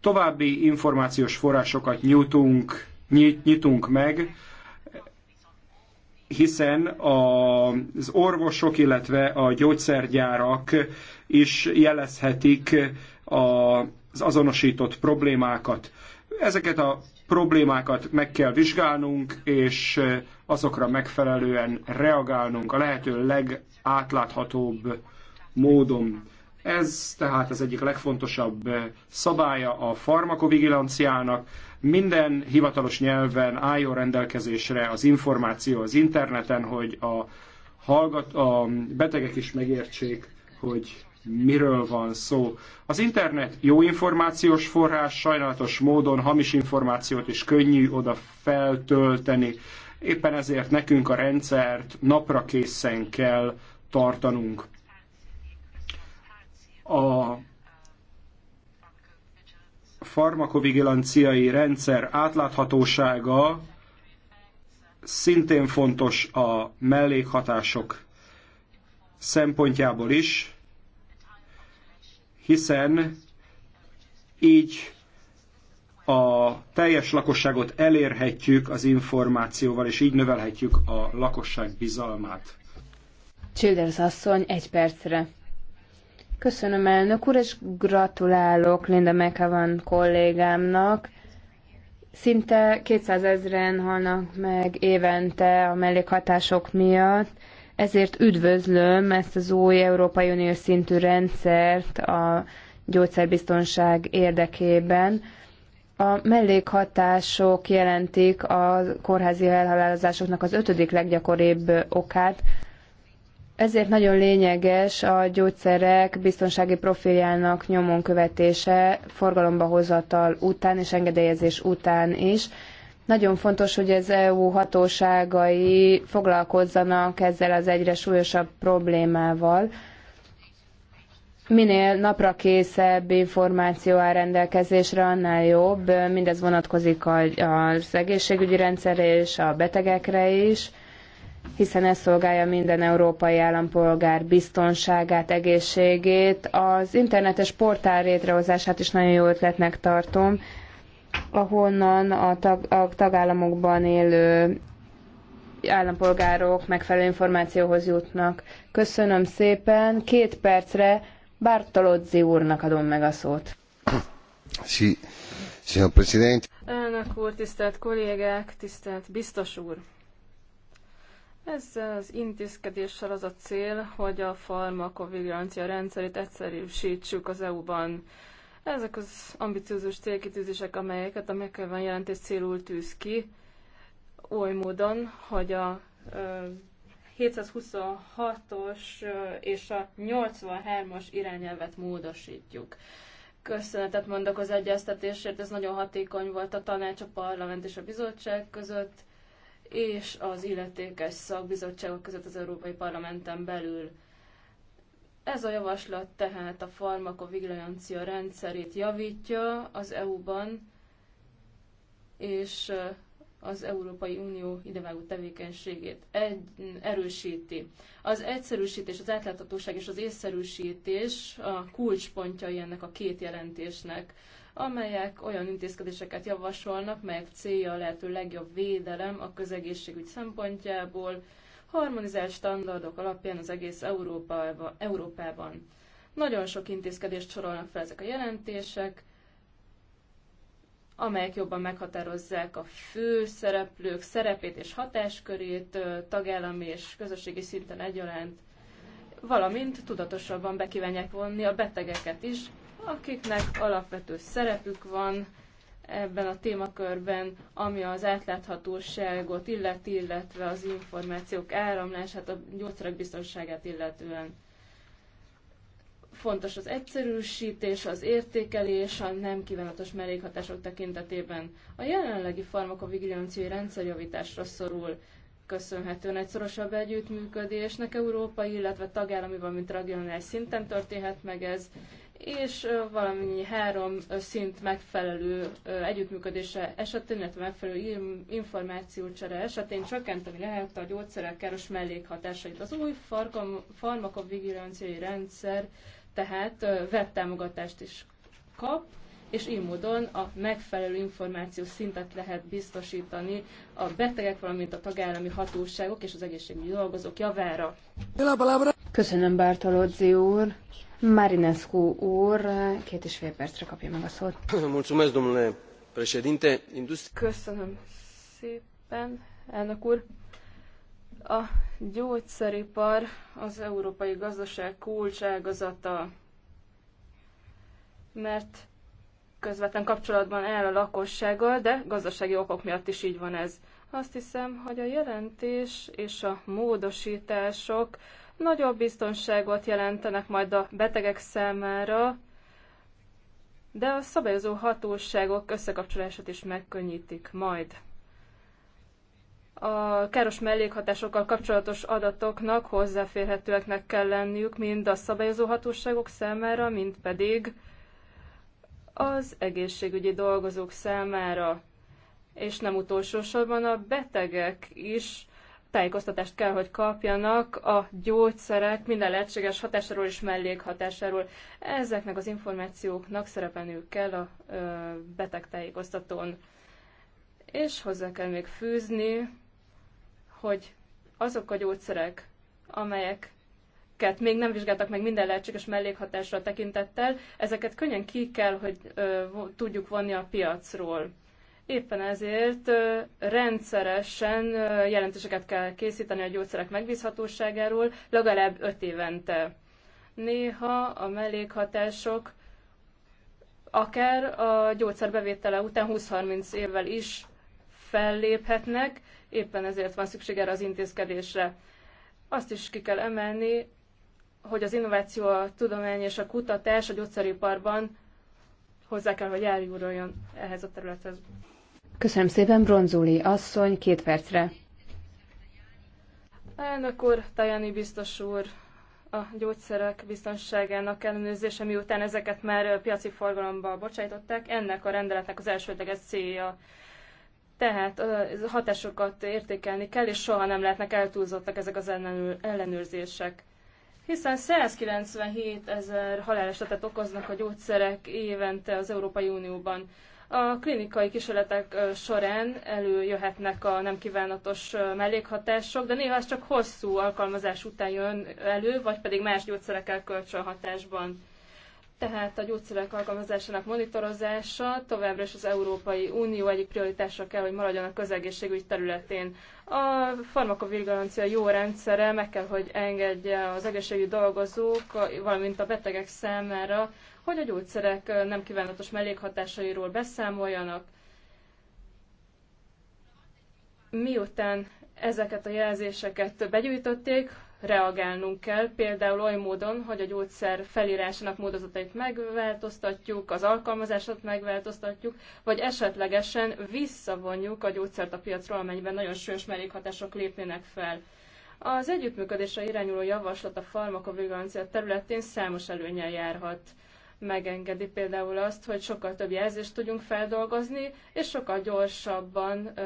további információs forrásokat nyújtunk, nyitunk meg, hiszen az orvosok, illetve a gyógyszergyárak is jelezhetik az azonosított problémákat. Ezeket a problémákat meg kell vizsgálnunk, és azokra megfelelően reagálnunk a lehető legátláthatóbb módon. Ez tehát az egyik legfontosabb szabálya a farmakovigilanciának. Minden hivatalos nyelven álljon rendelkezésre az információ az interneten, hogy a, hallgat, a betegek is megértsék, hogy miről van szó. Az internet jó információs forrás, sajnálatos módon hamis információt is könnyű oda feltölteni. Éppen ezért nekünk a rendszert napra készen kell tartanunk. A farmakovigilanciai rendszer átláthatósága szintén fontos a mellékhatások szempontjából is, hiszen így a teljes lakosságot elérhetjük az információval, és így növelhetjük a lakosság bizalmát. Childers asszony, egy percre. Köszönöm elnök úr, és gratulálok Linda McAvan kollégámnak. Szinte 200 ezeren halnak meg évente a mellékhatások miatt, ezért üdvözlöm ezt az új Európai Unió szintű rendszert a gyógyszerbiztonság érdekében. A mellékhatások jelentik a kórházi elhalálozásoknak az ötödik leggyakoribb okát, ezért nagyon lényeges a gyógyszerek biztonsági profiljának nyomon követése forgalomba hozatal után és engedélyezés után is, nagyon fontos, hogy az EU hatóságai foglalkozzanak ezzel az egyre súlyosabb problémával. Minél napra készebb információ áll rendelkezésre, annál jobb. Mindez vonatkozik az egészségügyi rendszerre és a betegekre is hiszen ez szolgálja minden európai állampolgár biztonságát, egészségét. Az internetes portál létrehozását is nagyon jó ötletnek tartom, ahonnan a, tag, a tagállamokban élő állampolgárok megfelelő információhoz jutnak. Köszönöm szépen. Két percre Bartolozzi úrnak adom meg a szót. Sí. Signor Presidente. Elnök úr, tisztelt kollégák, tisztelt biztos úr. Ezzel az intézkedéssel az a cél, hogy a farmakovigilancia rendszerét egyszerűsítsük az EU-ban. Ezek az ambiciózus célkitűzések, amelyeket a megkövetően jelentés célul tűz ki, oly módon, hogy a 726-os és a 83-as irányelvet módosítjuk. Köszönetet mondok az egyeztetésért, ez nagyon hatékony volt a tanács, a parlament és a bizottság között, és az illetékes szakbizottságok között az Európai Parlamenten belül. Ez a javaslat tehát a farmakovigilancia rendszerét javítja az EU-ban, és az Európai Unió idevágó tevékenységét egy, erősíti. Az egyszerűsítés, az átláthatóság és az észszerűsítés a kulcspontjai ennek a két jelentésnek, amelyek olyan intézkedéseket javasolnak, melyek célja a lehető legjobb védelem a közegészségügy szempontjából, harmonizált standardok alapján az egész Európába, Európában. Nagyon sok intézkedést sorolnak fel ezek a jelentések, amelyek jobban meghatározzák a fő szereplők szerepét és hatáskörét tagállami és közösségi szinten egyaránt, valamint tudatosabban bekívánják vonni a betegeket is, akiknek alapvető szerepük van ebben a témakörben, ami az átláthatóságot illeti, illetve az információk áramlását, a gyógyszerek biztonságát illetően. Fontos az egyszerűsítés, az értékelés, a nem kívánatos mellékhatások tekintetében. A jelenlegi farmakovigilanciai rendszerjavításra szorul köszönhetően egy szorosabb együttműködésnek európai, illetve tagállamiban, mint regionális szinten történhet meg ez, és valami három szint megfelelő együttműködése esetén, illetve megfelelő információcsere esetén csökkenteni lehet a gyógyszerek káros mellékhatásait. Az új farmakovigilanciai rendszer tehát vett támogatást is kap, és így módon a megfelelő információ szintet lehet biztosítani a betegek, valamint a tagállami hatóságok és az egészségügyi dolgozók javára. Köszönöm, Bártalodzi úr! Marinescu úr, két és fél percre kapja meg a szót. Mulțumesc, domnule președinte. Industri- Köszönöm szépen, elnök úr. A gyógyszeripar az európai gazdaság kulcságazata, mert közvetlen kapcsolatban áll a lakossággal, de gazdasági okok miatt is így van ez. Azt hiszem, hogy a jelentés és a módosítások nagyobb biztonságot jelentenek majd a betegek számára, de a szabályozó hatóságok összekapcsolását is megkönnyítik majd. A káros mellékhatásokkal kapcsolatos adatoknak hozzáférhetőeknek kell lenniük mind a szabályozó hatóságok számára, mind pedig az egészségügyi dolgozók számára, és nem utolsó sorban a betegek is tájékoztatást kell, hogy kapjanak a gyógyszerek minden lehetséges hatásáról és mellékhatásáról. Ezeknek az információknak szerepelniük kell a beteg tájékoztatón. És hozzá kell még fűzni, hogy azok a gyógyszerek, amelyek még nem vizsgáltak meg minden lehetséges mellékhatásra tekintettel, ezeket könnyen ki kell, hogy ö, tudjuk vonni a piacról. Éppen ezért rendszeresen jelentéseket kell készíteni a gyógyszerek megbízhatóságáról, legalább 5 évente. Néha a mellékhatások akár a gyógyszer bevétele után 20-30 évvel is felléphetnek, éppen ezért van szükség erre az intézkedésre. Azt is ki kell emelni, hogy az innováció, a tudomány és a kutatás a gyógyszeriparban hozzá kell, hogy járuljon ehhez a területhez. Köszönöm szépen, Bronzuli asszony, két percre. Elnök úr, Tajani biztos úr, a gyógyszerek biztonságának ellenőrzése, miután ezeket már piaci forgalomba bocsájtották, ennek a rendeletnek az elsődleges célja. Tehát hatásokat értékelni kell, és soha nem lehetnek eltúlzottak ezek az ellenőrzések hiszen 197 ezer halálesetet okoznak a gyógyszerek évente az Európai Unióban. A klinikai kísérletek során előjöhetnek a nem kívánatos mellékhatások, de néha ez csak hosszú alkalmazás után jön elő, vagy pedig más gyógyszerekkel kölcsönhatásban. Tehát a gyógyszerek alkalmazásának monitorozása továbbra is az Európai Unió egyik prioritása kell, hogy maradjon a közegészségügy területén. A farmakovigilancia jó rendszere meg kell, hogy engedje az egészségügyi dolgozók, valamint a betegek számára hogy a gyógyszerek nem kívánatos mellékhatásairól beszámoljanak. Miután ezeket a jelzéseket begyűjtötték, reagálnunk kell, például oly módon, hogy a gyógyszer felírásának módozatait megváltoztatjuk, az alkalmazását megváltoztatjuk, vagy esetlegesen visszavonjuk a gyógyszert a piacról, amennyiben nagyon súlyos mellékhatások lépnének fel. Az együttműködésre irányuló javaslat a farmakovigilancia területén számos előnyel járhat megengedi például azt, hogy sokkal több jelzést tudjunk feldolgozni, és sokkal gyorsabban ö,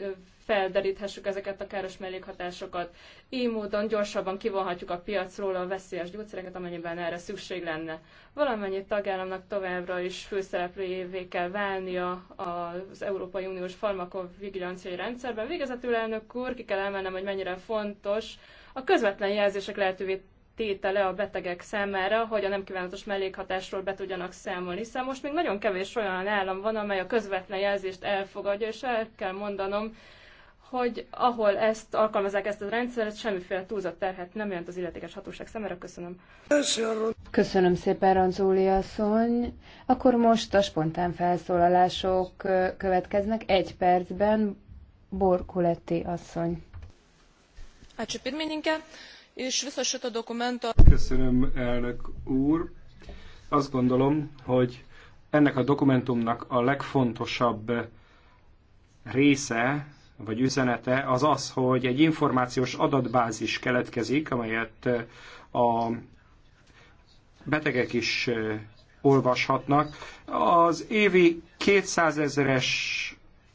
ö, felderíthessük ezeket a káros mellékhatásokat. Így módon gyorsabban kivonhatjuk a piacról a veszélyes gyógyszereket, amennyiben erre szükség lenne. Valamennyi tagállamnak továbbra is főszereplőjévé kell válnia az Európai Uniós farmakovigilanciai rendszerben. Végezetül elnök úr, ki kell emelnem, hogy mennyire fontos a közvetlen jelzések lehetővé tétele a betegek számára, hogy a nem kívánatos mellékhatásról be tudjanak számolni, hiszen szóval most még nagyon kevés olyan állam van, amely a közvetlen jelzést elfogadja, és el kell mondanom, hogy ahol ezt alkalmazzák ezt a rendszert, semmiféle túlzott terhet nem jelent az illetékes hatóság szemére. Köszönöm. Köszönöm szépen, Ranzóli asszony. Akkor most a spontán felszólalások következnek. Egy percben Borkuletti asszony. Ačiū pirmininkė és Köszönöm, elnök úr. Azt gondolom, hogy ennek a dokumentumnak a legfontosabb része, vagy üzenete az az, hogy egy információs adatbázis keletkezik, amelyet a betegek is olvashatnak. Az évi 200 ezeres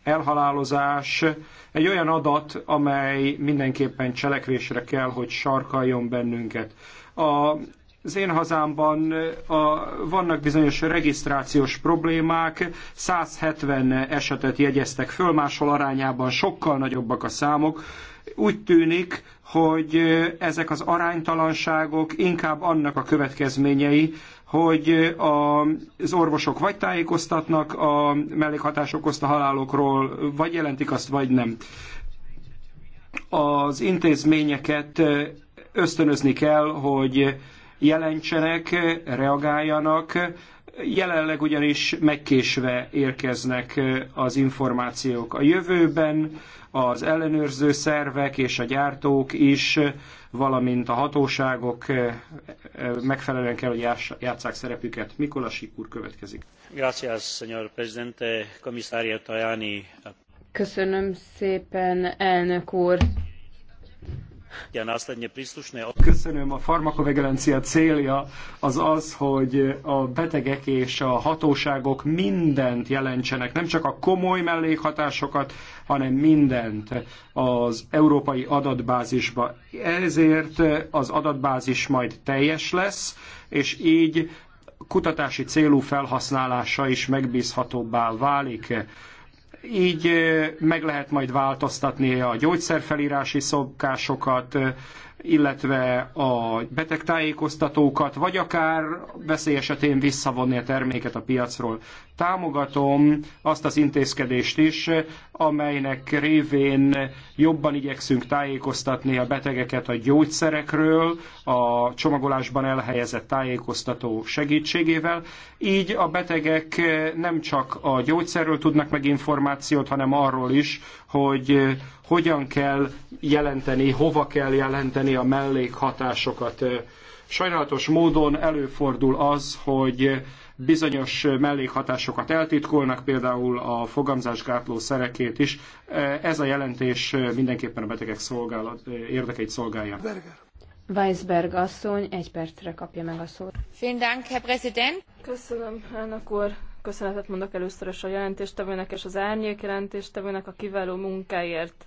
elhalálozás egy olyan adat, amely mindenképpen cselekvésre kell, hogy sarkaljon bennünket. A az én hazámban a, vannak bizonyos regisztrációs problémák, 170 esetet jegyeztek föl, máshol arányában sokkal nagyobbak a számok. Úgy tűnik, hogy ezek az aránytalanságok inkább annak a következményei, hogy az orvosok vagy tájékoztatnak a mellékhatások okozta halálokról, vagy jelentik azt, vagy nem. Az intézményeket ösztönözni kell, hogy jelentsenek, reagáljanak, Jelenleg ugyanis megkésve érkeznek az információk. A jövőben az ellenőrző szervek és a gyártók is, valamint a hatóságok megfelelően kell, hogy játsszák szerepüket. Mikolasik úr következik. Gracias, señor presidente, komisária Tajani. Köszönöm szépen, elnök úr. Köszönöm. A farmakovigilancia célja az az, hogy a betegek és a hatóságok mindent jelentsenek, nem csak a komoly mellékhatásokat, hanem mindent az európai adatbázisba. Ezért az adatbázis majd teljes lesz, és így kutatási célú felhasználása is megbízhatóbbá válik így meg lehet majd változtatni a gyógyszerfelírási szokásokat, illetve a betegtájékoztatókat, vagy akár veszély esetén visszavonni a terméket a piacról. Támogatom azt az intézkedést is, amelynek révén jobban igyekszünk tájékoztatni a betegeket a gyógyszerekről, a csomagolásban elhelyezett tájékoztató segítségével. Így a betegek nem csak a gyógyszerről tudnak meg információt, hanem arról is, hogy hogyan kell jelenteni, hova kell jelenteni a mellékhatásokat. Sajnálatos módon előfordul az, hogy bizonyos mellékhatásokat eltitkolnak, például a fogamzásgátló szerekét is. Ez a jelentés mindenképpen a betegek szolgálat, érdekeit szolgálja. Berger. Weisberg asszony egy percre kapja meg a szót. Vielen Dank, Herr Präsident. Köszönöm, elnök úr. Köszönetet mondok először is a jelentéstevőnek és az árnyék jelentéstevőnek a kiváló munkáért.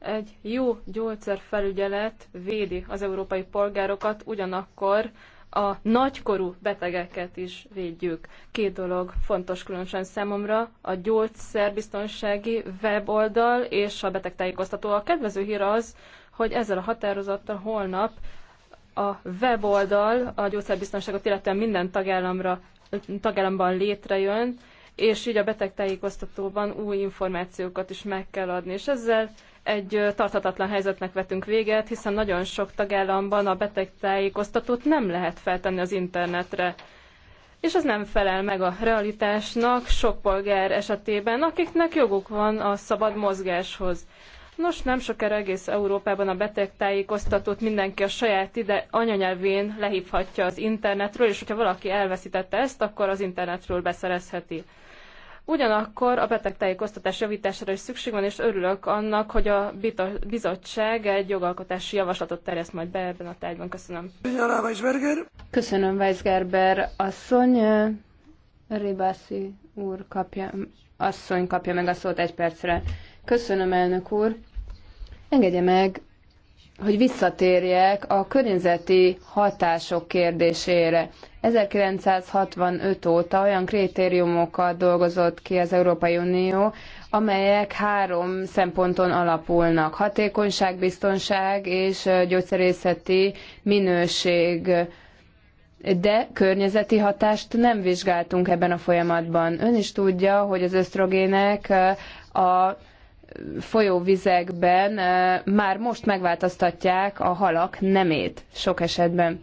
Egy jó gyógyszerfelügyelet védi az európai polgárokat, ugyanakkor a nagykorú betegeket is védjük. Két dolog fontos különösen számomra, a gyógyszerbiztonsági weboldal és a betegtájékoztató. A kedvező hír az, hogy ezzel a határozattal holnap a weboldal a gyógyszerbiztonságot illetően minden tagállamra, tagállamban létrejön, és így a betegtájékoztatóban új információkat is meg kell adni. És ezzel egy tarthatatlan helyzetnek vetünk véget, hiszen nagyon sok tagállamban a betegtájékoztatót nem lehet feltenni az internetre. És ez nem felel meg a realitásnak sok polgár esetében, akiknek joguk van a szabad mozgáshoz. Nos, nem sokára egész Európában a betegtájékoztatót mindenki a saját ide anyanyelvén lehívhatja az internetről, és hogyha valaki elveszítette ezt, akkor az internetről beszerezheti. Ugyanakkor a tájékoztatás javítására is szükség van, és örülök annak, hogy a bizottság egy jogalkotási javaslatot terjeszt majd be ebben a tárgyban. Köszönöm. Köszönöm, Weisgerber asszony. Ribászi úr kapja, asszony kapja meg a szót egy percre. Köszönöm, elnök úr. Engedje meg, hogy visszatérjek a környezeti hatások kérdésére. 1965 óta olyan kritériumokat dolgozott ki az Európai Unió, amelyek három szemponton alapulnak. Hatékonyság, biztonság és gyógyszerészeti minőség de környezeti hatást nem vizsgáltunk ebben a folyamatban. Ön is tudja, hogy az ösztrogének a folyóvizekben már most megváltoztatják a halak nemét sok esetben.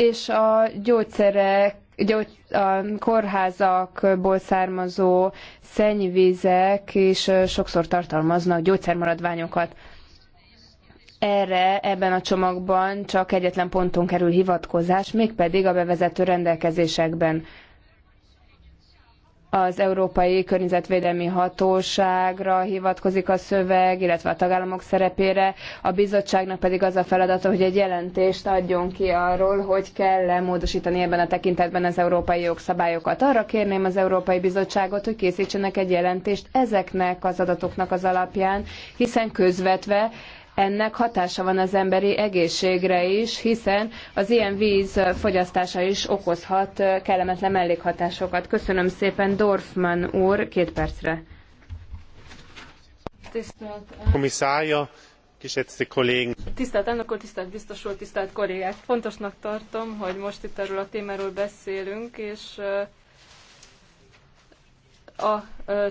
és a gyógyszerek, gyógy, a kórházakból származó szennyvizek is sokszor tartalmaznak gyógyszermaradványokat. Erre ebben a csomagban csak egyetlen ponton kerül hivatkozás, mégpedig a bevezető rendelkezésekben az Európai Környezetvédelmi Hatóságra hivatkozik a szöveg, illetve a tagállamok szerepére, a bizottságnak pedig az a feladata, hogy egy jelentést adjon ki arról, hogy kell-e módosítani ebben a tekintetben az európai jogszabályokat. Arra kérném az Európai Bizottságot, hogy készítsenek egy jelentést ezeknek az adatoknak az alapján, hiszen közvetve ennek hatása van az emberi egészségre is, hiszen az ilyen víz fogyasztása is okozhat kellemetlen mellékhatásokat. Köszönöm szépen, Dorfman úr, két percre. Tisztelt komisszája, geschätzte Tisztelt elnök úr, tisztelt biztos úr, tisztelt kollégák! Fontosnak tartom, hogy most itt erről a témáról beszélünk, és a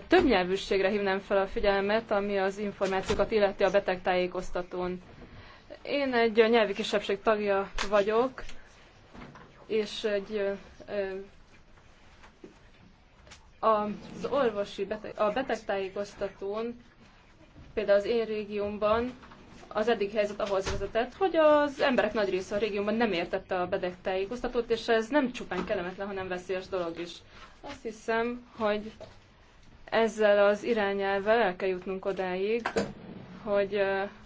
többnyelvűségre hívnám fel a figyelmet, ami az információkat illeti a betegtájékoztatón. Én egy nyelvi kisebbség tagja vagyok, és egy az orvosi beteg, a betegtájékoztatón, például az én régiómban az eddig helyzet ahhoz vezetett, hogy az emberek nagy része a régióban nem értette a betegtájékoztatót, és ez nem csupán kellemetlen, hanem veszélyes dolog is. Azt hiszem, hogy ezzel az irányelvvel el kell jutnunk odáig, hogy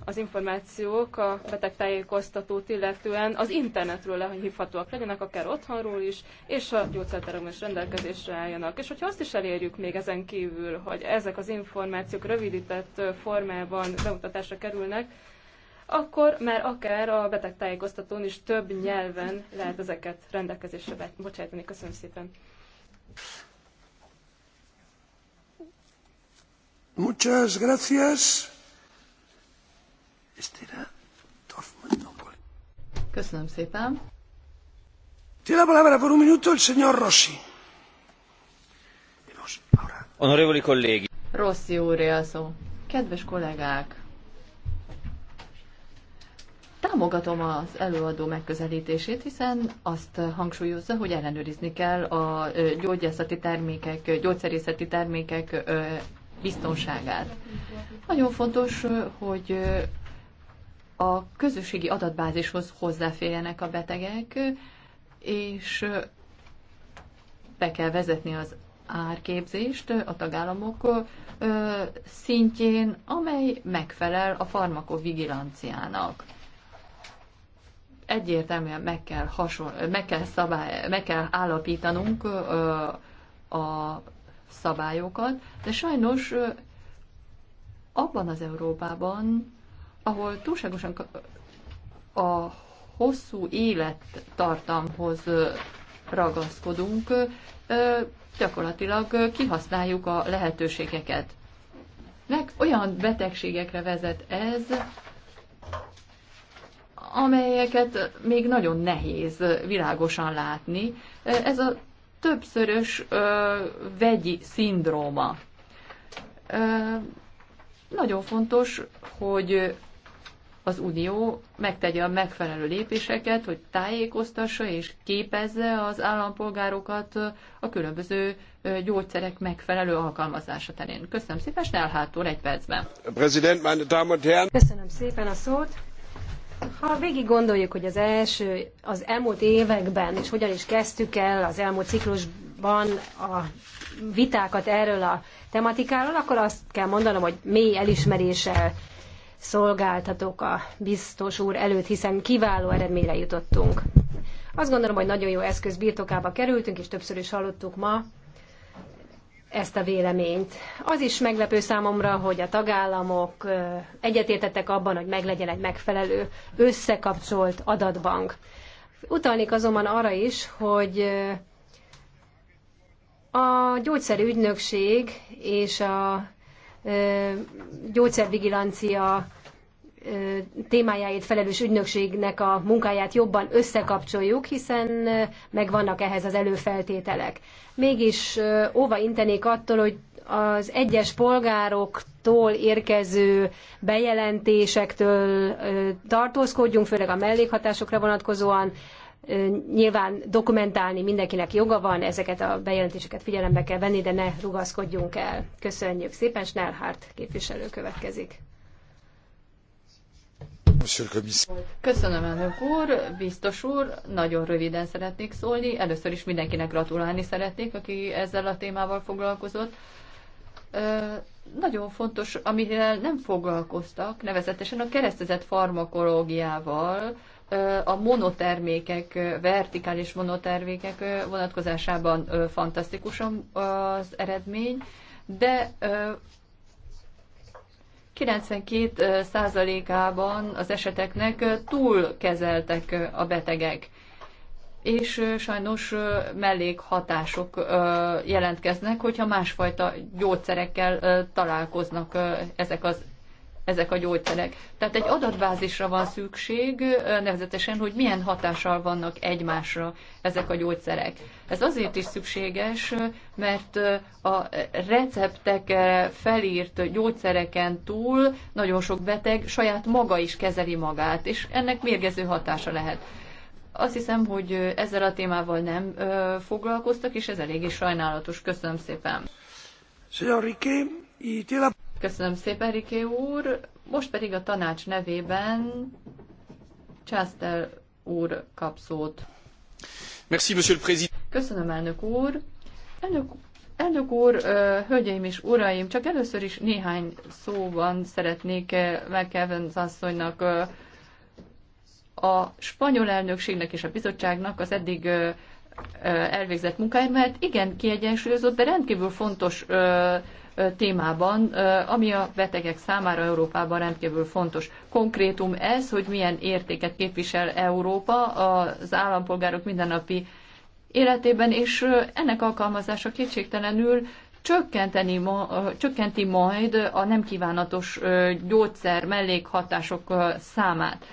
az információk a betegtájékoztatót illetően az internetről lehívhatóak legyenek, akár otthonról is, és a gyógyszertárakban is rendelkezésre álljanak. És hogyha azt is elérjük még ezen kívül, hogy ezek az információk rövidített formában bemutatásra kerülnek, akkor már akár a betegtájékoztatón is több nyelven lehet ezeket rendelkezésre bocsájtani Köszönöm szépen! Köszönöm szépen. Tiene la palabra por un minuto el señor Rossi. Onorevoli colleghi. Rossi úré a szó. Kedves kollégák, támogatom az előadó megközelítését, hiszen azt hangsúlyozza, hogy ellenőrizni kell a gyógyászati termékek, gyógyszerészeti termékek biztonságát. Nagyon fontos, hogy a közösségi adatbázishoz hozzáférjenek a betegek, és be kell vezetni az árképzést a tagállamok szintjén, amely megfelel a farmakovigilanciának. Egyértelműen meg kell, hason, meg kell, szabály, meg kell állapítanunk a szabályokat, de sajnos abban az Európában, ahol túlságosan a hosszú élettartamhoz ragaszkodunk, gyakorlatilag kihasználjuk a lehetőségeket. Meg olyan betegségekre vezet ez, amelyeket még nagyon nehéz világosan látni. Ez a többszörös ö, vegyi szindróma. Ö, nagyon fontos, hogy az Unió megtegye a megfelelő lépéseket, hogy tájékoztassa és képezze az állampolgárokat a különböző gyógyszerek megfelelő alkalmazása terén. Köszönöm szépen, Snellhától egy percben. Köszönöm szépen a szót. Ha végig gondoljuk, hogy az első, az elmúlt években, és hogyan is kezdtük el az elmúlt ciklusban a vitákat erről a tematikáról, akkor azt kell mondanom, hogy mély elismeréssel szolgáltatok a biztos úr előtt, hiszen kiváló eredményre jutottunk. Azt gondolom, hogy nagyon jó eszköz birtokába kerültünk, és többször is hallottuk ma, ezt a véleményt. Az is meglepő számomra, hogy a tagállamok egyetértettek abban, hogy meglegyen egy megfelelő összekapcsolt adatbank. Utalnék azonban arra is, hogy a ügynökség és a gyógyszervigilancia témájáért felelős ügynökségnek a munkáját jobban összekapcsoljuk, hiszen megvannak ehhez az előfeltételek. Mégis óva intenék attól, hogy az egyes polgároktól érkező bejelentésektől tartózkodjunk, főleg a mellékhatásokra vonatkozóan. Nyilván dokumentálni mindenkinek joga van, ezeket a bejelentéseket figyelembe kell venni, de ne rugaszkodjunk el. Köszönjük szépen, Snellhárt képviselő következik. Köszönöm, elnök úr, biztos úr, nagyon röviden szeretnék szólni. Először is mindenkinek gratulálni szeretnék, aki ezzel a témával foglalkozott. Nagyon fontos, amivel nem foglalkoztak, nevezetesen a keresztezett farmakológiával, a monotermékek, vertikális monotermékek vonatkozásában fantasztikusan az eredmény, de 92%-ában az eseteknek túl kezeltek a betegek, és sajnos mellékhatások jelentkeznek, hogyha másfajta gyógyszerekkel találkoznak ezek az ezek a gyógyszerek. Tehát egy adatbázisra van szükség, nevezetesen, hogy milyen hatással vannak egymásra ezek a gyógyszerek. Ez azért is szükséges, mert a receptekre felírt gyógyszereken túl nagyon sok beteg saját maga is kezeli magát, és ennek mérgező hatása lehet. Azt hiszem, hogy ezzel a témával nem foglalkoztak, és ez eléggé sajnálatos. Köszönöm szépen. Köszönöm szépen, Riké úr. Most pedig a tanács nevében Császter úr kap szót. Merci, monsieur le président. Köszönöm, elnök úr. Elnök, elnök úr, hölgyeim és uraim, csak először is néhány szóban szeretnék McEvans asszonynak a spanyol elnökségnek és a bizottságnak az eddig elvégzett munkáért, mert igen, kiegyensúlyozott, de rendkívül fontos témában, ami a betegek számára Európában rendkívül fontos. Konkrétum ez, hogy milyen értéket képvisel Európa az állampolgárok mindennapi életében, és ennek alkalmazása kétségtelenül csökkenteni, csökkenti majd a nem kívánatos gyógyszer mellékhatások számát.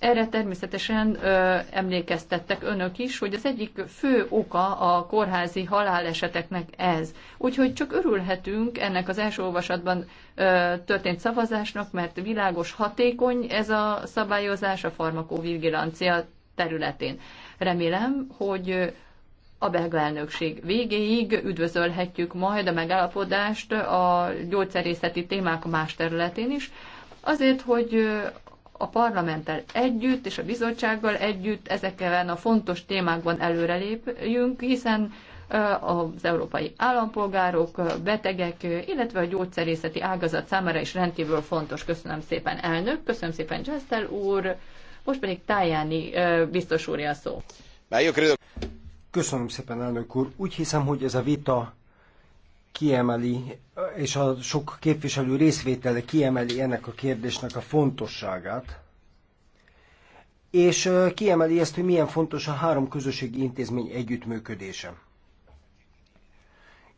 Erre természetesen ö, emlékeztettek önök is, hogy az egyik fő oka a kórházi haláleseteknek ez. Úgyhogy csak örülhetünk ennek az első olvasatban ö, történt szavazásnak, mert világos, hatékony ez a szabályozás a farmakovigilancia területén. Remélem, hogy a belga elnökség végéig üdvözölhetjük majd a megállapodást a gyógyszerészeti témák más területén is, azért, hogy a parlamenttel együtt és a bizottsággal együtt ezeken a fontos témákban előrelépjünk, hiszen az európai állampolgárok, betegek, illetve a gyógyszerészeti ágazat számára is rendkívül fontos. Köszönöm szépen, elnök, köszönöm szépen, Jasztel úr, most pedig Tájáni biztos úr a szó. Köszönöm szépen, elnök úr. Úgy hiszem, hogy ez a vita kiemeli, és a sok képviselő részvétele kiemeli ennek a kérdésnek a fontosságát, és kiemeli ezt, hogy milyen fontos a három közösségi intézmény együttműködése.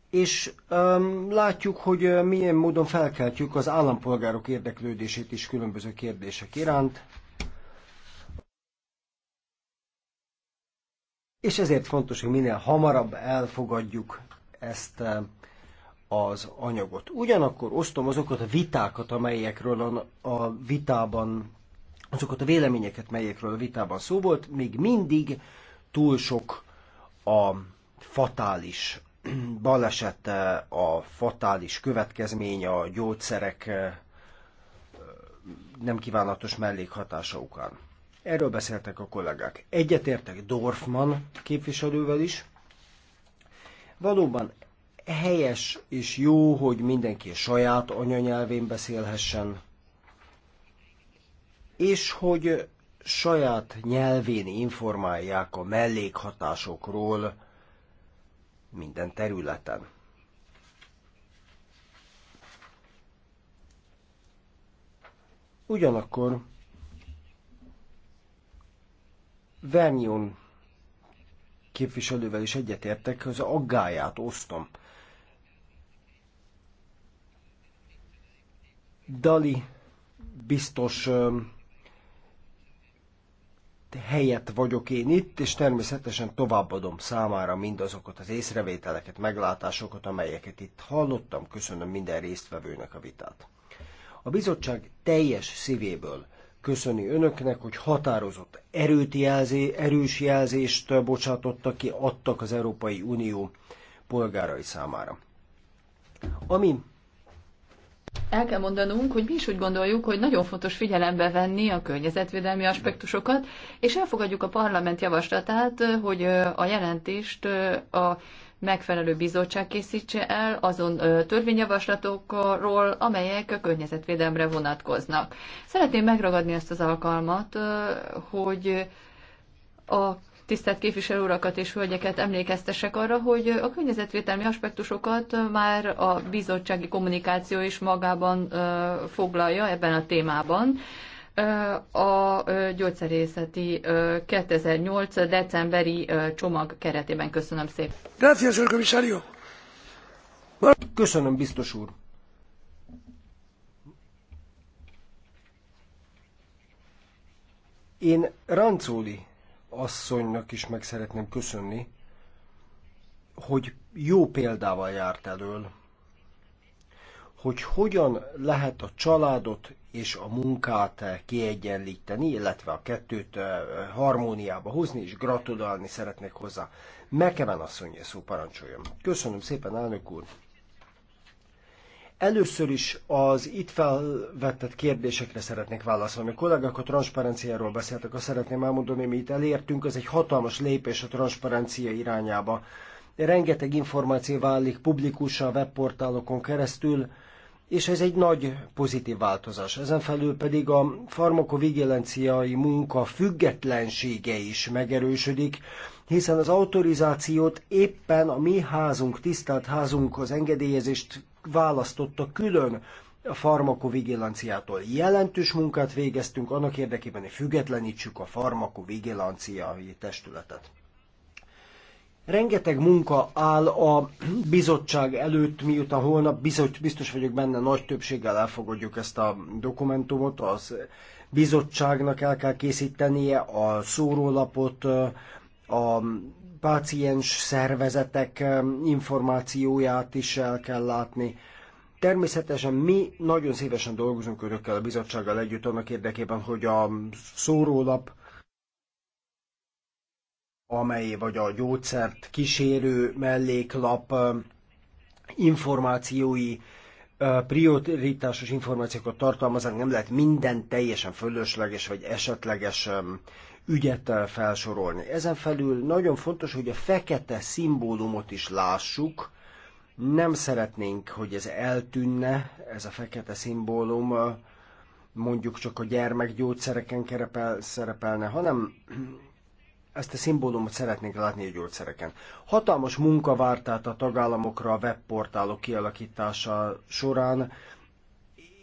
És um, látjuk, hogy milyen módon felkeltjük az állampolgárok érdeklődését is különböző kérdések iránt. És ezért fontos, hogy minél hamarabb elfogadjuk ezt az anyagot. Ugyanakkor osztom azokat a vitákat, amelyekről a vitában, azokat a véleményeket, melyekről a vitában szó volt, még mindig túl sok a fatális baleset, a fatális következménye a gyógyszerek nem kívánatos mellékhatása okán. Erről beszéltek a kollégák. Egyetértek Dorfman képviselővel is. Valóban Helyes és jó, hogy mindenki a saját anyanyelvén beszélhessen, és hogy saját nyelvén informálják a mellékhatásokról minden területen. Ugyanakkor Vernion képviselővel is egyetértek, az aggáját osztom Dali biztos helyett vagyok én itt, és természetesen továbbadom számára mindazokat az észrevételeket, meglátásokat, amelyeket itt hallottam. Köszönöm minden résztvevőnek a vitát. A bizottság teljes szívéből köszöni önöknek, hogy határozott erőt jelzé, erős jelzést bocsátottak ki, adtak az Európai Unió polgárai számára. Ami el kell mondanunk, hogy mi is úgy gondoljuk, hogy nagyon fontos figyelembe venni a környezetvédelmi aspektusokat, és elfogadjuk a parlament javaslatát, hogy a jelentést a megfelelő bizottság készítse el azon törvényjavaslatokról, amelyek a környezetvédelmre vonatkoznak. Szeretném megragadni ezt az alkalmat, hogy a tisztelt képviselő urakat és hölgyeket emlékeztessek arra, hogy a környezetvédelmi aspektusokat már a bizottsági kommunikáció is magában foglalja ebben a témában. A gyógyszerészeti 2008. decemberi csomag keretében köszönöm szépen. Gracias, señor Köszönöm, biztos úr. Én Rancóli asszonynak is meg szeretném köszönni, hogy jó példával járt elől, hogy hogyan lehet a családot és a munkát kiegyenlíteni, illetve a kettőt eh, harmóniába hozni, és gratulálni szeretnék hozzá. Mekeven asszony, szó parancsoljon. Köszönöm szépen, elnök úr! Először is az itt felvetett kérdésekre szeretnék válaszolni. A kollégák a transzparenciáról beszéltek, azt szeretném elmondani, mi itt elértünk, ez egy hatalmas lépés a transzparencia irányába. Rengeteg információ válik publikussá a webportálokon keresztül, és ez egy nagy pozitív változás. Ezen felül pedig a farmakovigilenciai munka függetlensége is megerősödik, hiszen az autorizációt éppen a mi házunk, tisztelt házunk az engedélyezést választotta külön a farmakovigilanciától. Jelentős munkát végeztünk annak érdekében, hogy függetlenítsük a farmakovigilanciai testületet. Rengeteg munka áll a bizottság előtt, miután holnap bizot, biztos vagyok benne, nagy többséggel elfogadjuk ezt a dokumentumot, az bizottságnak el kell készítenie a szórólapot, a páciens szervezetek információját is el kell látni. Természetesen mi nagyon szívesen dolgozunk önökkel a bizottsággal együtt annak érdekében, hogy a szórólap, amely vagy a gyógyszert kísérő melléklap információi prioritásos információkat tartalmaznak, nem lehet minden teljesen fölösleges vagy esetleges ügyet eh, felsorolni. Ezen felül nagyon fontos, hogy a fekete szimbólumot is lássuk. Nem szeretnénk, hogy ez eltűnne, ez a fekete szimbólum eh, mondjuk csak a gyermekgyógyszereken kerepel, szerepelne, hanem ezt a szimbólumot szeretnénk látni a gyógyszereken. Hatalmas munka várt át a tagállamokra a webportálok kialakítása során,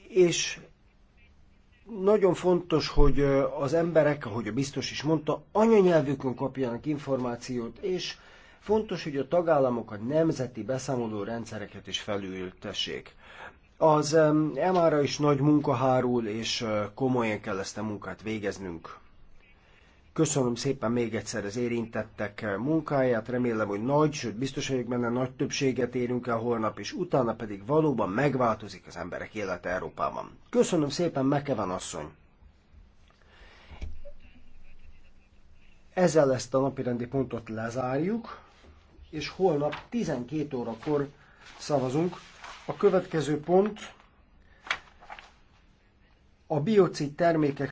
és nagyon fontos, hogy az emberek, ahogy a biztos is mondta, anyanyelvükön kapjanak információt, és fontos, hogy a tagállamok a nemzeti beszámoló rendszereket is felültessék. Az emára is nagy munka hárul, és komolyan kell ezt a munkát végeznünk. Köszönöm szépen még egyszer az érintettek munkáját, remélem, hogy nagy, sőt biztos vagyok benne, nagy többséget érünk el holnap, és utána pedig valóban megváltozik az emberek élete Európában. Köszönöm szépen, Mekeven asszony! Ezzel ezt a napirendi pontot lezárjuk, és holnap 12 órakor szavazunk. A következő pont a biocid termékek